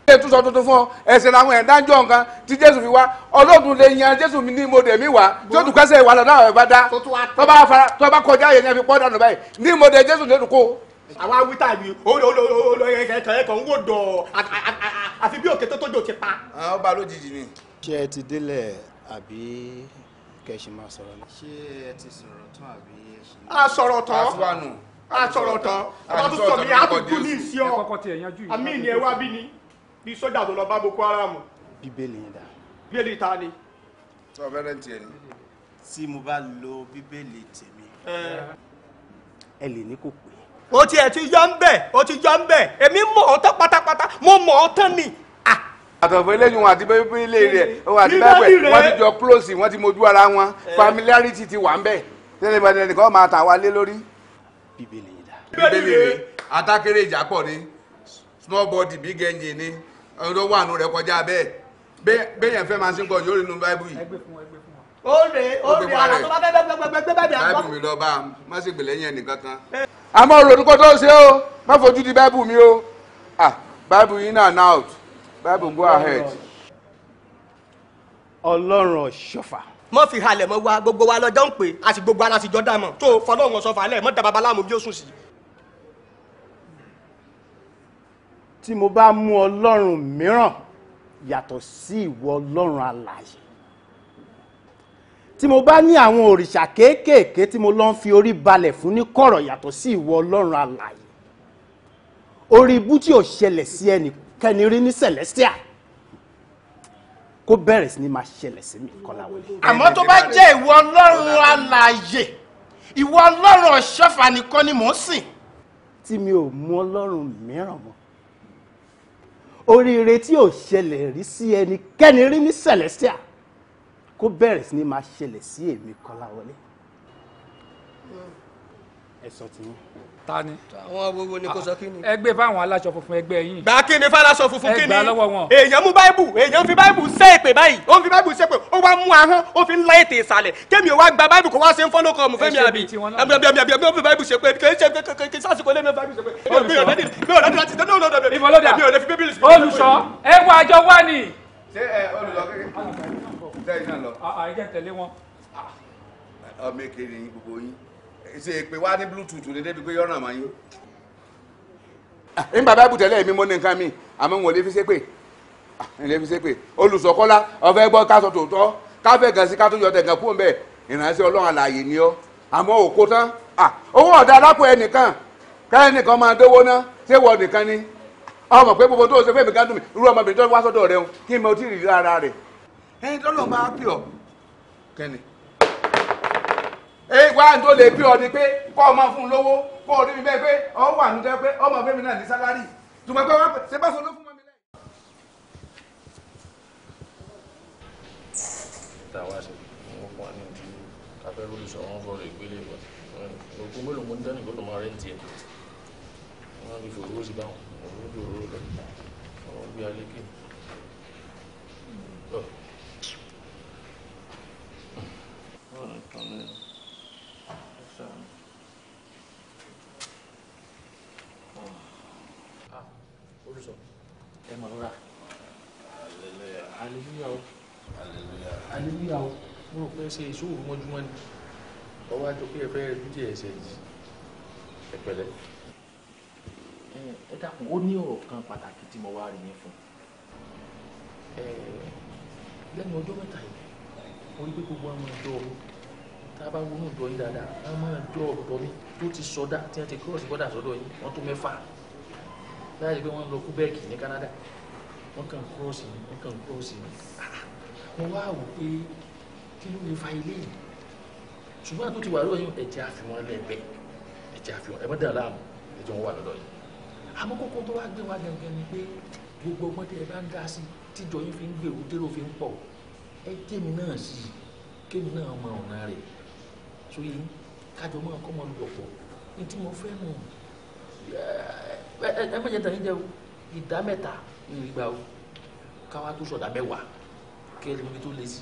ilé ìtúsọ tuntun fún ọ ẹsẹ̀ làwọn ẹ̀dájọ́ nǹkan tí jésù fi wá ọlọ́dún lè yan jésù mi ní mòdè mi wá tó tún kẹsẹ̀ wà lọ́dọ̀ àwọn ẹ̀ bá dá tó bá kọjá yẹn ní ẹ fi pọ́ dànù báyìí ní mòdè jésù lè dùn kó àwa wíta mi olóòkẹ́kẹ́ ń wò dọ̀ àfi bí òkè tó tójó ti pa. ọba lójijì ni. ṣé ẹ ti délẹ̀ àbí kẹ́sì máa sọ̀rọ̀ ni. ṣé ẹ ti sọ̀rọ̀ tán àbí ẹ ṣe. a sọ̀rọ̀ tán. a sọ̀rọ̀ tán asọ̀rọ̀ tán ọba tó sọ mi àtúntò ní ìsí ọ àmì ni ẹ wá bí ni bí sójà tó lọ bá Boko Haram. bíbélì yẹn dà. bíbélì ta ni. sọ fẹ́rẹ̀ tiẹ̀ ni. tí mo bá lo bíbélì tèmi ẹ lè ní kò pé o ti yọ ń bẹ̀ o ti yọ ń bẹ̀ èmi mọ̀ ọ́ tán pátápátá mo mọ̀ ọ́ tán ni. àtọ̀fọ̀ eléyìí wọn àti bíbélì rẹ̀ wọn àti bẹ́ẹ̀ wọ́n ti jọ close wọ́n ti mojú ara wọn familiarity ti wà ń bẹ̀ tẹ́lẹ̀ ìbàdàn nìkan máa tà wá lé lórí. bíbélì yìí dá. bíbélì rẹ̀ ni small body big engine ni ọdún wà nù kọjá máa ń yóò ó rè é ó rè é a àmọ́ ronú kó tó ṣe o má fojú di Bible, mi o ah Bible in and out Bible go ahead. ọlọ́run ọ̀ṣọ́fà. mọ́ fi halẹ̀ mọ́ wa gbogbo wa lọ́jọ́ ń pè àti gbogbo ara àtijọ́ dà mọ́ tó fọlọ́run ọ̀ṣọ́fà alẹ́ mọ́ da babaláwo bí ó sùn sí. tí mo bá mú ọlọ́run mìíràn yàtọ̀ sí ìwọ ọlọ́run alààyè tí mo bá ní àwọn òrìṣà kéékèèké tí mo lọ ń fi orí balẹ̀ fún ní kọ̀rọ̀ yàtọ̀ sí ìwọ ọlọ́run alààyè orí ibú tí ò ṣẹlẹ̀ sí ẹnikẹ́ni rí ní celestia kó bẹ̀rẹ̀ sí ni máa ṣẹlẹ̀ sí mi kọ́láwọlé. àmọ́ tó bá jẹ́ ìwọ ọlọ́run alààyè ìwọ ọlọ́run ọ̀ṣọ́fà nìkan ni mò ń sìn. tí mi ò mú ọlọ́run mìíràn mọ́ oríire tí ò ṣẹlẹ̀ rí sí ẹnikẹ́ni rí ní celestia kó bẹ̀rẹ̀ sí ni máa ṣẹlẹ̀ sí èmi Kọ́láwọlé ẹ sọ ti yín. ta ni. àwọn gbogbo ni kò sọ kí ni. ẹgbẹ́ fáwọn aláṣọ funfun ẹgbẹ́ yín. gbà kí ni fáláṣọ funfun kí ni. ẹgbà lọ́wọ́ wọn. èèyàn mú báìbù èèyàn fi báìbù ṣe èpè báyìí ó ń fi báìbù ṣe èpè ó wá mú ahọ́n ó fi ń la ètè ìsàlẹ̀ kémi ò wá gba báìbù kó wá ṣe ń fọ́nà kọ́ ọmọ fẹ́mi àbí. àbí àbí àbí àbí ó fi báìbù ṣe pé kì í ṣe kì í sásìkò lé mi báìbù ṣe pé. olùsọ ẹ wá àjọ wá ni. ṣé ẹ olùsọ kékeré tẹ́lẹ̀ náà lọ. àìjẹ́ tẹ̀lé wọn. Ah, ọmọ èké ni gbogbo yín ṣe èpè wá ní bluetooth ní débi pé yọ̀nà máa yín. ń ah, bàbá ibùtẹ́lẹ̀ mi mọ́ ní nǹkan mi àmọ́ wọn ò lè fi ṣépè ah, ò lè fi ṣépè olùsọ̀kọ́lá ọ̀fẹ́ gbọ́ ká sọ tòótọ́ ká fẹ́ gàn sí ká tó yọ tẹ̀gàn kúrò bẹ́ẹ̀ ìránṣẹ́ ọlọ́run àlàyé ni ọ́ àmọ́ òkó tán owó ọ̀dà alápò ẹnìkan ká ẹnìkan máa dówó ná ṣé wọ nìkan ni ọmọ pé gbogbo tó ṣe fẹ́mi gán dùn mí irú ọmọbìnrin tó wá sọ́dọ̀ rẹ̀ kí n mọ tí ì rí ara rẹ̀ ẹyin tọ́lọ̀ máa pè ọ́ kẹ́ni. ẹ wá tó lè pè ọ́ ni pé kọ́ ọ máa fún un lówó kọ́ ọ débi bẹ́ẹ̀ pé ọ wà ní jẹ́ pé ọmọ fẹ́mi náà ní sálárì tùmọ̀ pé wọ́n ṣe bá sọ ló fún mọ́mi lẹ́yìn. táwa ṣe wọn fún wa ní ti káfẹ́ rúlù sọ wọn fọ̀rọ̀ ìgbélé ìwà ògùn mélòó mo ń dání kó ló máa rẹ́ǹtì ẹ̀ wọ́n á fi fòrò ó sì bá wọn òun ló dòrò lọ àwọn gbé alẹ́ kéwì. 저는 일단 어. 아 오른손 에마누라 할렐루야 할렐루야 할렐루야 할렐루야 mo rò pé ṣe ìṣòro mọ́júmọ́ ni ọwọ́ àti òkè ẹ̀fẹ́ rẹ̀ dídì ẹ̀ṣẹ̀ yìí ẹ̀pẹ̀lẹ́. ẹ dákun ó ní ọ̀rọ̀ kan pàtàkì tí mo wá rí yín fún. lẹ́nu ọjọ́ mẹ́ta yìí mo rí pé gbogbo àwọn ẹjọ́ ọ̀hún tá a bá wọnú ìjọ yìí dáadáa wọ́n máa jọ ọ̀dọ́ mi tó ti sọdá tí wọ́n ti cross border sọ́dọ̀ yìí wọ́n tó mẹ́fà láyé pé wọ́n lọ Quebec ní Canada wọ́n kàn cross ni wọ́n kàn cross ni wọ́n wá wò pé kí ló lè fa ilé yìí ṣùgbọ́n àtúntì wà lóyún ẹ̀jẹ̀ àfihàn lẹ́gbẹ̀ẹ́ ẹ̀jẹ̀ àfihàn ẹ̀mọ́dà láàmú ẹ̀jẹ̀ wọn wà lọ́dọ̀ yìí àmọ́ kókó tó wá gbé wa gangan ni pé gbogbo ọgbọ́n ẹ bá ń dá sí sóyè kájọ mọ́ ọkọ mọ́ lùwọ̀pọ̀ ní tí mo fẹ́ nù ẹ mẹ́jẹ tàn yín jẹ́ o ìdá mẹ́ta nínú igba o káwá tó sọ̀dá mẹ́wàá kẹ́ ẹ lómi tó lé sí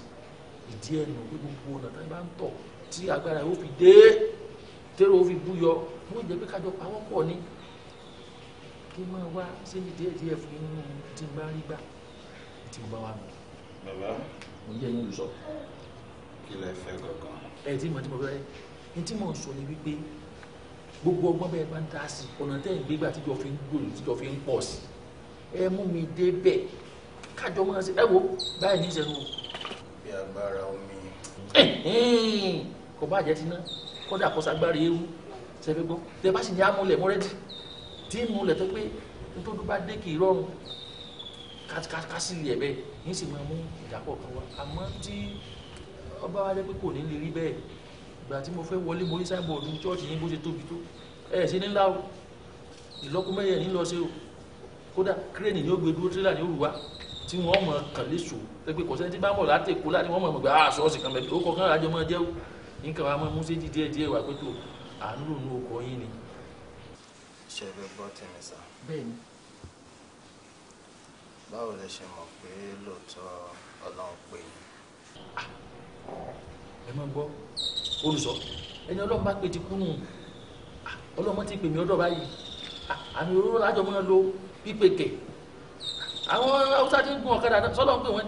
ìdí ẹ̀ nù pé gbogbo ọ̀nà tán bá ń tọ̀ tí agbára yóò fi dé tẹ́rọ ó fi búyọ wọ́n jẹ́ pé kájọ pawọ́ pọ̀ ni kí máa wá sẹ́yìn díẹ̀ díẹ̀ fún inú tí n bá rí gbà tí n bá wà nù. bàbá mo jẹ́ yín sọ. kí lẹ fẹ́ gangan ẹ tí mo ti mo fẹ́ ní tí mo ń sọ ni wípé gbogbo ọgbọ́n bẹ́ẹ̀ bá ń dá sí ọ̀nà tẹ́ ẹ̀ gbégbà tíjọ fi ń gbòòrò tíjọ fi ń pọ̀ sí ẹ mú mi dé bẹ́ẹ̀ kájọ máa ṣe ẹ wo báyìí ní ìṣẹ́nu. bí agbára omi. kò bá jẹ́ tiná kódà kó sagbára ewu ṣẹ́fẹ́ gbọ́ tẹ bá sì ní amúlẹ̀ mọ́rẹ́dì tí ń múlẹ̀ tó pé nítorí bá dé kì í rọrùn kásìlì ẹ̀ bẹ́ẹ̀ ní sì máa mú ìdàpọ̀ kan wá àmọ́ tí ọba wa jẹ́ pé kò ní lè rí bẹ́ẹ̀ ìgbà tí mo fẹ́ wọlé mo rí sáìbọ̀ọ̀dù chọ́ọ̀chì yín bó ṣe tóbi tó ẹ̀ ṣe nílá o ìlọ́kùnmẹ́yẹ ní lọ sí o kódà kírẹ́nì ni ó gbé dúró tírélà ní òrùwá tí wọ́n mọ̀ kàlẹ́ sò pẹ́pẹ́ kọ̀ṣẹ́ tí bá bọ̀ láti èkó láti wọ́n mọ̀ mọ̀ gbà á ah, sọ́ọ̀sì kan bẹ̀rẹ̀ ó kọ̀ọ̀kan àjọ mọ́ jẹ́ nǹkan wa mọ́ múṣẹ́ díẹ̀ díẹ̀ wà pé tó à ń lò ní ọkọ̀ yín ni. ṣe é gbọ́ tèmi báwo lẹ ṣe mọ̀ pé lóòótọ́ ọlọ́run pè yín ẹ máa gbọ́ olùsọ ẹni ọlọ́run bá pè ti kú nù ah, ọlọ́run mọ́ ti pè mí ọdọ̀ báyìí ah, àmì òróró lájọ mọ́ lo pípé kẹ̀ ah, àwọn haúsá ti ń gun ọ̀kadà sọ́dọ̀ ń pè wọ́n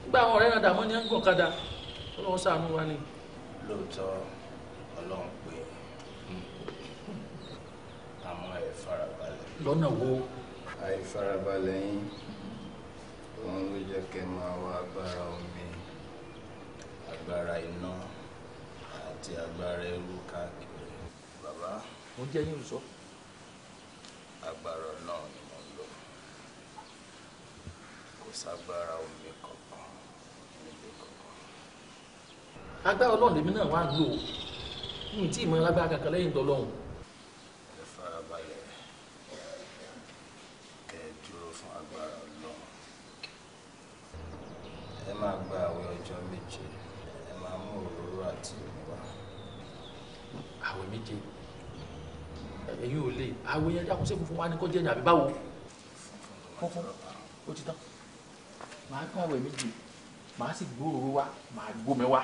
nígbà àwọn ọ̀rẹ́ náà dààmú ni ń gun ọ̀kadà ọlọ́run ṣàánú wa ni. lóòótọ́ ọlọ́run pé hmm. àmọ́ ẹ̀ lọ́nà wo. àìfarabalẹ̀ yín òun ló jẹ́ kẹ́ máa wá bára omi agbára iná àti agbára ẹrú káàkiri. Bàbá. Mo jẹ́ yín sọ. Agbára náà ni mo ń lò. Kò ságbára omi kankan níbi kankan. Agbára náà lèmi náà wá lò. Mi tí ì mọ alágbára kankan lẹ́yìn tọ́lọ́hún. Ẹ farabalẹ̀ kẹ́ ẹ máa gba àwẹ̀ ọjọ́ méje àti yorùbá. àwẹ̀ méje ẹ̀yin ò lè àwẹ̀ yẹn dàkún sí funfun wa ni kò jẹ́ ní àbí báwo. funfun ó ti tán màá gbọ́ àwẹ̀ méje màá sì gbóòóró wa màá gbómi wa.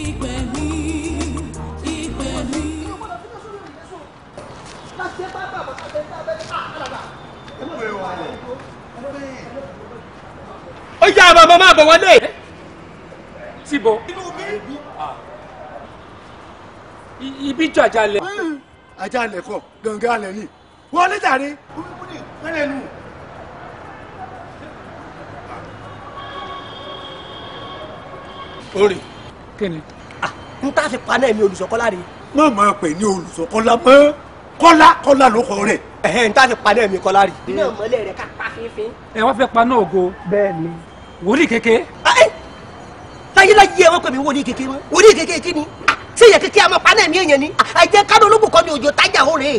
ìpè mi ìpè mi. láti ẹ bá bàbá àti ẹ wọlé síbo. inú mi. ibi jọ àjálẹ. Hmm. àjálẹ kọ gangan alẹ ni wọn ní tàrí olùkúni fẹrẹ nù. orí. kí ni. Ah, n ta fi paná ẹ̀mí olùsọ̀kọ́lá rè. má máa pè ní olùsọ̀kọ́lá mọ́ kọ́lá kọ́lá ló kọ́ rẹ̀. ẹ̀hẹ́ n ta fi paná ẹ̀mí kọ́lá rè. iná ìmọ̀lẹ̀ rẹ̀ ká pa fínfín. ẹ wá fẹ́ paná ògo. bẹ́ẹ̀ ni. wòlíì kékeré láyé láyé ẹ wọn pè mí wòlíì kéke mọ wòlíì kéke kí ni ṣé ìyẹn kéke àmọ́ paná ẹ̀mí èèyàn ni àìjẹ́ kádó ológun kan ní òjò tájà ó rèé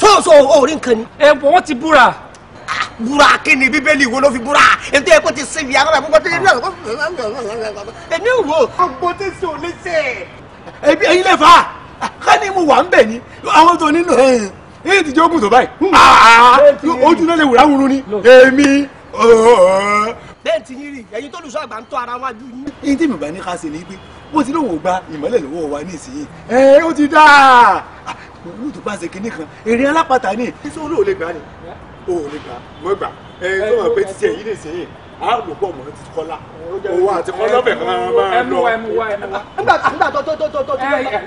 sóòsò òórí nǹkan ni. ẹ wọ́n ti búra. búra kí ni bíbélì wo ló fi búra ètò ẹ kó ti sinmi àwọn àgbẹ̀ tó yẹ ní ọ̀rọ̀ wo. àgbo tí sè ò sè. ẹbí ẹyin lè fa ká ní mo wà ni àwọn tó nínú ẹ̀ ti jẹ́ ogun tó báyìí ojú náà lè wúra wúru ni èmi bẹ́ẹ̀ ti yín rí ẹ̀yin tó lùsọ àgbà ń tọ́ ara wájú yín. yín tí bàbá ní ká ṣe ni pé bó ti lóun ò gba ìmọ́lẹ̀ lọ́wọ́ wa ní ìsinyìí ẹ ó ti dá olú tó bá ṣe kinní kan èrè alápàtà ni. iṣẹ́ olú ò lè gbà ni o ò lè gbà mọ́ gbà ẹ ẹ tó mọ̀ pé títí ẹ̀yìn lè ṣèyìn àlùbọ̀ mọ̀ ti kọ́lá owó àti kọ́lá bẹ̀ kan máa lọ. ẹmu wa ẹmu wa. nígbà nígbà tó tó tó tó tó.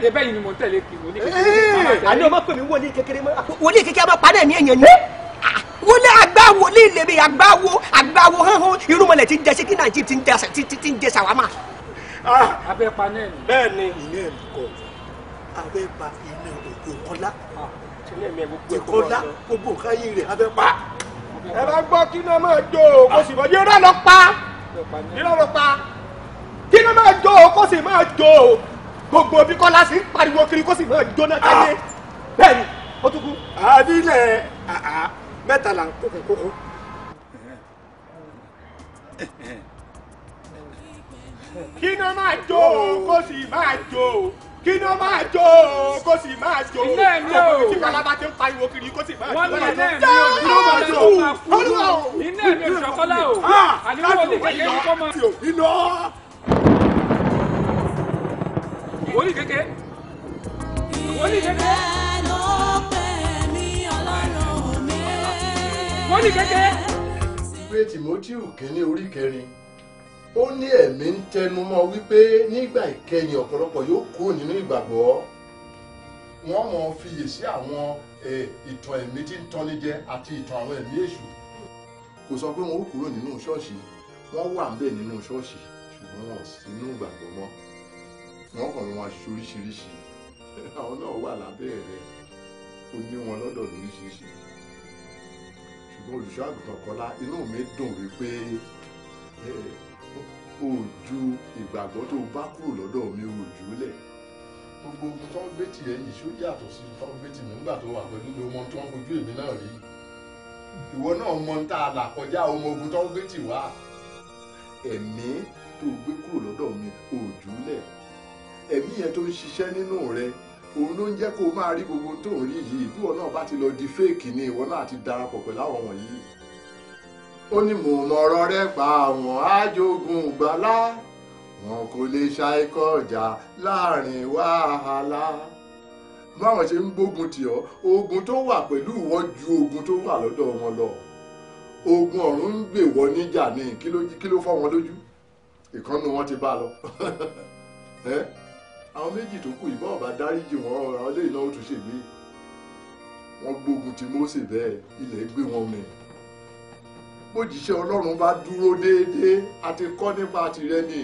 ẹ bẹ́ẹ̀ ni mo tẹ̀lé kiri wòlíì kékeré. àní ọmọ pèmí wòlíì kékeré wòlíì kékeré a máa padà ní èèyàn ni wọlé agbáwo ní ilé mi agbáwo agbáwo hánhán irúnmọlẹ̀ ti ń jẹ sí kí nàìjíríà ti ń jẹ ti ń jẹ sàwámà. Ah! abẹ́pa náà ni. bẹ́ẹ̀ ni iná ẹ̀ kọ abẹ́pa iná òkú kọ́lá ìkọ́lá ah! gbogbo káyé rẹ̀ abẹ́pa. ẹ bá gbọ́ kí iná máa jó o kó sì mọ yóò rán lọ pa yóò lọ pa kí iná máa jó o kó sì máa jó o gbogbo bí kọ́lá sì ń pariwo kiri kó sì máa jóná káyé ah! bẹ́ẹ̀ ni ó tún kú. àdílẹ̀ àá mẹ́ta là ń kókun kókun. kí ná máa jó o kó sì máa jó o kí ná máa jó o kó sì máa jó o ilé mi o kí balaba ti ń pariwo kiri kó sì máa jó o. wọ́n ní ilé mi o dúró máa jó o ilé mi o sọ́kọ́lá o ah, àníwò ní kékeré ní kọ́mọ. iná. wòlíì kékeré wòlíì kékeré. wòlíì kékeré. ìwé timoteo kínní orí kẹrin ó ní ẹ̀mí ń tẹnu mọ́ wípé nígbà ìkẹyìn ọ̀pọ̀lọpọ̀ yóò kúrò nínú ìgbàgbọ́ wọ́n mọ̀ fiyèsí àwọn ìtàn ẹ̀mí tí ń tọ́ni jẹ àti ìtàn àwọn ẹ̀mí èṣù kò sọ pé wọn ó kúrò nínú ṣọ́ọ̀ṣì wọ́n wà ń bẹ̀ nínú ṣọ́ọ̀ṣì ṣùgbọ́n wọn sínú ìgbàgbọ́ mọ́ wọ́n kàn wọn aṣọ oríṣiríṣi àwọn náà wà lábẹ́ rẹ̀ ó ní wọn lọ́dọ̀ lóríṣiríṣi olùṣọ́ àgùntàn Kọ́lá inú mi dùn wípé òjò ìgbàgbọ́ tó bá kúrò lọ́dọ̀ mi ò lẹ̀ gbogbo tọ́ńbẹ́tì rẹ yìí ṣó yàtọ̀ sí tọ́ńbẹ́tì mi nígbà tó wà pẹ̀lú ló tó ń fojú èmi náà rí ìwọ náà mọ ń là kọjá ọmọ ogun tọ́ńbẹ́tì wá ẹ̀mí tó gbé kúrò lọ́dọ̀ mi ò lẹ̀ ẹ̀mí yẹn tó ń ṣiṣẹ́ nínú rẹ òun ló ń jẹ́ kó o máa rí gbogbo tó ń rí yìí bí wọn náà bá ti lọ di fèèkì ni ìwọ náà ti darapọ̀ pẹ̀lú àwọn wọ̀nyí. ó ní mò ń mọ̀rọ̀ rẹ pa àwọn ajogun gbàlá wọn kò lè ṣàìkọ̀ ọjà láàrin wàhálà. báwọn ṣe ń gbógun tì ọ́ ogun tó wà pẹ̀lú ìwọ ju ogun tó wà lọ́dọ̀ wọn lọ ogun ọ̀run ń gbè wọ níjà ní kí ló fọ́ wọn lójú ìkànnì wọn ti bá lọ. àwọn méjì tó kù ìbọn ọba dáríjì wọn àwọn lè náwó tó ṣègbè wọn gbógun ti Mósè bẹ́ẹ̀ ilẹ̀ gbé wọn mì bójìṣẹ́ ọlọ́run bá dúró déédéé àti kọ́ nípa tirẹ̀ ni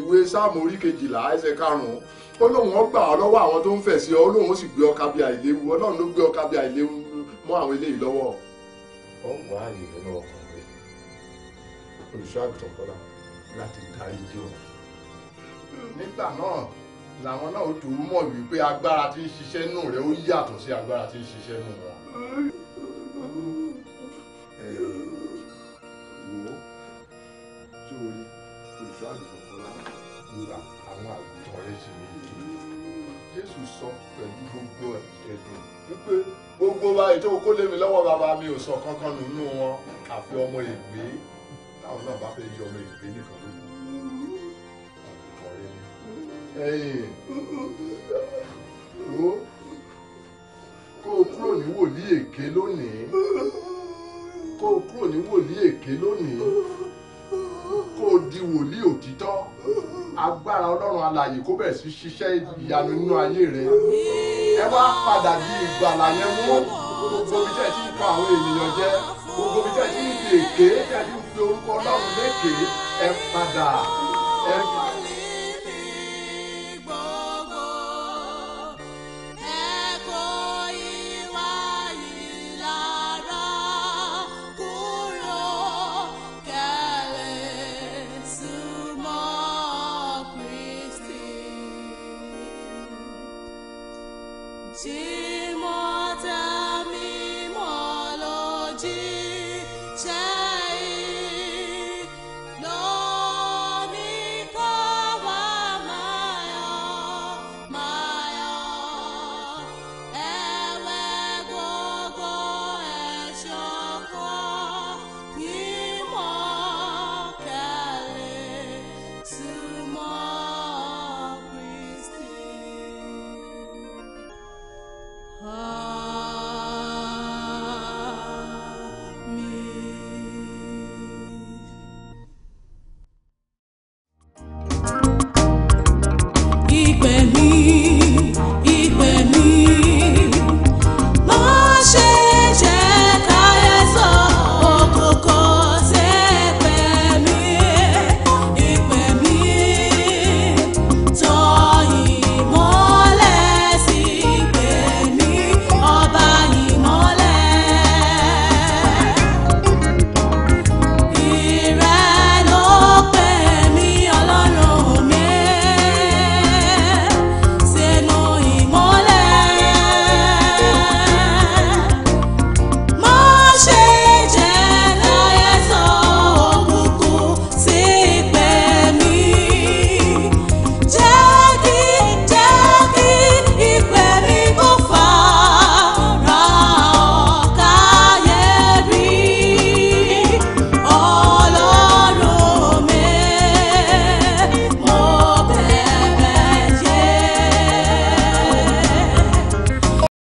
ìwé sáàmù orí kejìlá ẹsẹ̀ karùn-ún ó lóun ọgbà ọ lọ́wọ́ àwọn tó ń fẹ̀ sí ọ ó lóun sì gbé ọkà bí àìléwu ọlọ́run ló gbé ọkà bí àìléwu mọ́ àwọn eléyìí lọ́wọ́. ọ ń wá àyè lọ́wọ́ ọkàn rẹ̀ olùṣọ́ àgùntàn kọ́lá láti darí jù ọ. nígbà náà làwọn náà ó tó mọ̀ wípé agbára tí ń ṣiṣẹ́ nù rẹ̀ ó yàtọ̀ sí agbára tí ń ṣiṣẹ́ nù wọn. wo Jésù sọ pẹ̀lú gbogbo ẹ̀dùn wípé gbogbo báyìí tó kó lé lọ́wọ́ bàbá mi ò sọ kankan nínú wọn àfi ọmọ ìgbé táwọn náà bá fẹ́ yọ ọmọ ìgbé nìkan. ẹ̀yìn wo kó o kúrò ní agbára ọlọ́run alààyè kó bẹ̀rẹ̀ sí ṣiṣẹ́ ìyanu nínú ayé rẹ ẹ wá padà di ìgbàlà yẹn mú gbogbo ibi tẹ́ ti ń àwọn ènìyàn jẹ gbogbo ibi tẹ́ ti ń èké tẹ́ ti fi orúkọ ọlọ́run lékè ẹ padà ẹ padà.